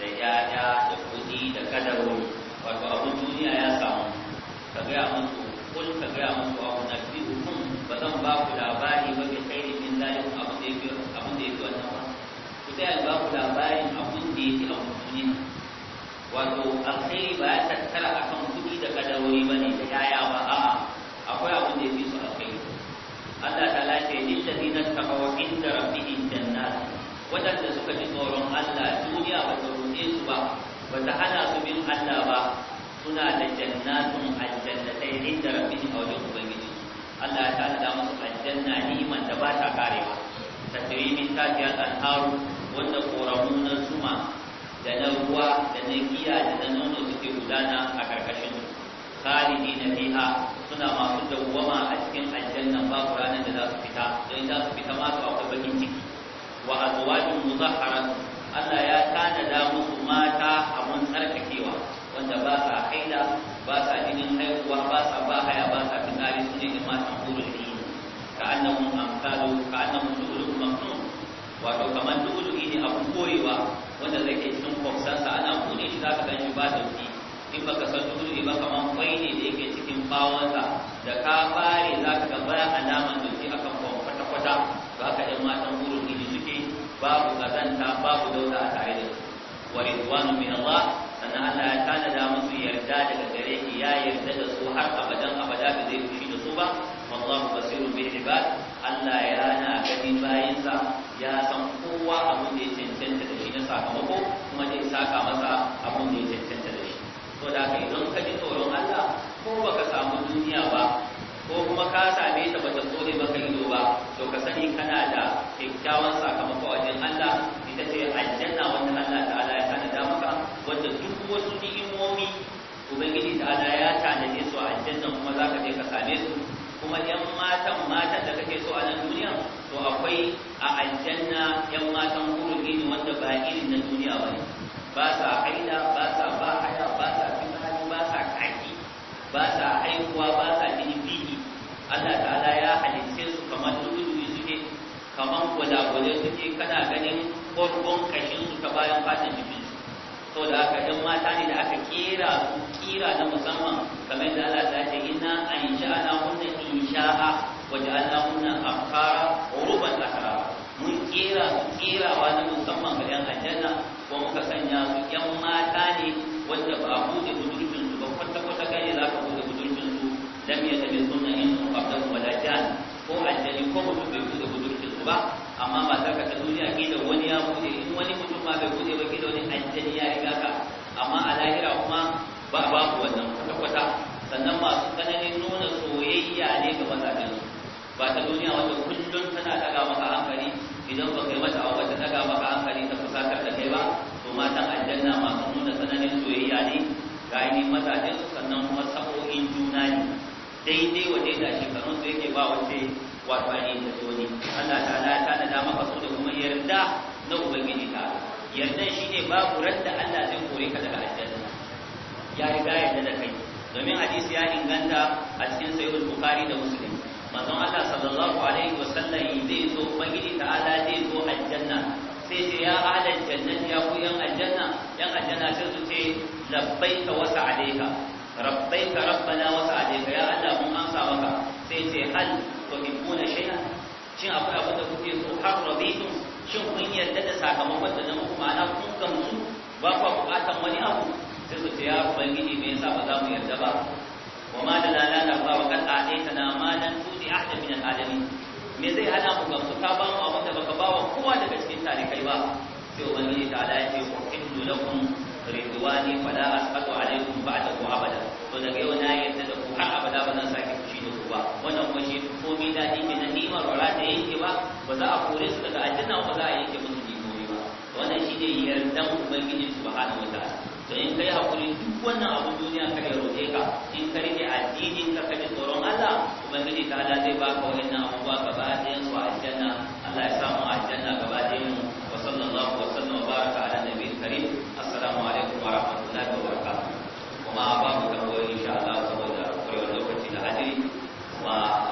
da yaya da kudi da kadarori wato abin duniya ya gaya musu kul ka gaya musu a wani nabi hukum ba zan ba ku labari ba bi khairin min zalim abin da yake abin da yake wannan ba ku sai ba ku labarin abin da yake a mutumin wato alkhairi ba ya tattara akan kuɗi da kadarori ba ne da yaya ba a, akwai abin da yake su alkhairi Allah ta lafiya lillazina taqaw inda rabbihim jannat wadanda suka ji tsoron Allah duniya ba ta roƙe su ba ba ta hana su bin Allah ba suna da jannatun aljannatai inda rabbihim a ubangiji Allah ya tada musu aljanna niman da ba ta karewa tajri min ta al-anharu wanda koramu na zuma da na ruwa da na giya da na nono suke gudana a karkashin na fiha suna masu dawwama a cikin aljanna babu ranar da za su fita don za su fita ma su akwai bakin ciki wa azwajun muzahharat Allah ya tanada musu mata abun tsarkakewa wanda ba sa haila ba sa jinin haihuwa ba sa ba haya ba sa fitsari su ne matan hurul ne ka annahum amsalu ka annahum du'ulul mamnun wato kamar du'ulul ne abu koyewa wanda zai ke cikin sa ana bude shi zaka ganshi ba dauki in baka san du'ulul ba kamar kwai ne da yake cikin bawansa da ka bare zaka ga ba da dauki akan kwata kwata ba ka yan matan hurul ne suke babu gazanta babu dauda a tare da su wa ridwanu min Allah sannan Allah ya tanada musu yarda daga gare shi ya yarda da su har abadan abada da zai fushi da su ba wallahu basirun bil ibad Allah ya na gani sa ya san kowa abin da ya cancanta da shi na sakamako kuma zai saka masa abin da ya cancanta da shi to da kai idan ka ji tsoron Allah ko baka samu duniya ba ko kuma ka same ta bata tsore maka ido ba to ka sani kana da kyakkyawan sakamako a wajen Allah ita ce aljanna wasu ni'imomi ubangiji ta ala ya tanade su a aljanna kuma za ka je ka same su kuma yan matan matan da kake so a nan duniya to akwai a aljanna yan matan kuma ne wanda ba irin na duniya ba ba sa haila ba sa ba haya ba sa fitani ba sa kaki ba sa haihuwa ba sa jini biki Allah ta'ala ya halitta su kamar dudu suke kamar gwada-gwadensu gwalagwale suke kana ganin ƙorƙon kashin su ta bayan fatan jikin so da aka dan mata ne da aka kera su kira na musamman kamar da Allah ta ce inna an sha'ana kunna insha'a wa ja'alna kunna afkara uruban akara mun kera su wa na musamman ga yan aljanna ko muka sanya su yan mata ne wanda ba ku da budurcin su ba kwata kwata kai za ka bude budurcin su ya lam yatabi sunna in qablahu wala jan ko aljani ko mutum bai bude budurcin su ba amma ba ta ka ta duniya kila wani ya bude in wani mutum ma bai bude ba kila wani aljani ya riga ka amma a lahira kuma ba babu wannan kwata-kwata sannan masu tsananin nuna soyayya ne ga mazajen ba ta duniya wanda kullum tana daga maka hankali idan ba kai mata abu ta daga maka hankali ta fusatar da kai ba to matan aljanna masu nuna sananin soyayya ne ga ainihin mazajen sannan kuma sa'o'in juna ne daidai wa daidai shekarun su yake ba wace wato ainihin da Allah ta kuma yarda na ubangiji ta yarda shine babu radda Allah zai kore ka daga aljanna ya riga ya da kai domin hadisi ya inganta a cikin sahih bukhari da muslim manzon Allah sallallahu alaihi wasallam zai zo ubangiji ta'ala zai zo aljanna sai ce ya ahlal jannati ya ku yan aljanna yan aljanna sai su ce labbaika wa sa'alaika rabbaika rabbana wa sa'alaika ya Allah mun amsa maka sai ce hal tuhibbuna shay'an shin akwai abin da kuke so har rabitu shin kun yarda da sakamakon da na muku na kun gamsu ba kwa bukatan wani abu sai su ce ya ubangiji me yasa ba za mu yarda ba wa ma da lalana ba wa kan ta na ma dan tudi ahda min alamin me zai hana mu gamsu ka ba mu abin da baka ba wa kowa daga cikin tarikai ba sai ubangiji ta ala ya ce uhibbu lakum ridwani fala asqatu alaikum ba'dahu abada to daga yau na yarda da ku har abada ba zan sake fushi da ku ba wannan kuma shi ko komai dadi ne na ni'imar ba ta yanke ba ba za a kore su daga aljanna ba za a yanke musu ni'imomi ba wannan shi ne yardan ubangiji subhanahu wataala to in kai hakuri duk wannan abu duniya ka ya roƙe ka in ka ne addinin ka ka tsoron Allah ubangiji ta Allah zai baka wannan abubuwa gaba ɗayan su a aljanna Allah ya samu aljanna gaba ɗayan mu wa sallallahu wa sallam wa baraka ala nabiyil karim assalamu alaikum wa rahmatullahi kuma ba mu tambayoyi insha Allah saboda kurewar lokaci da hadiri kuma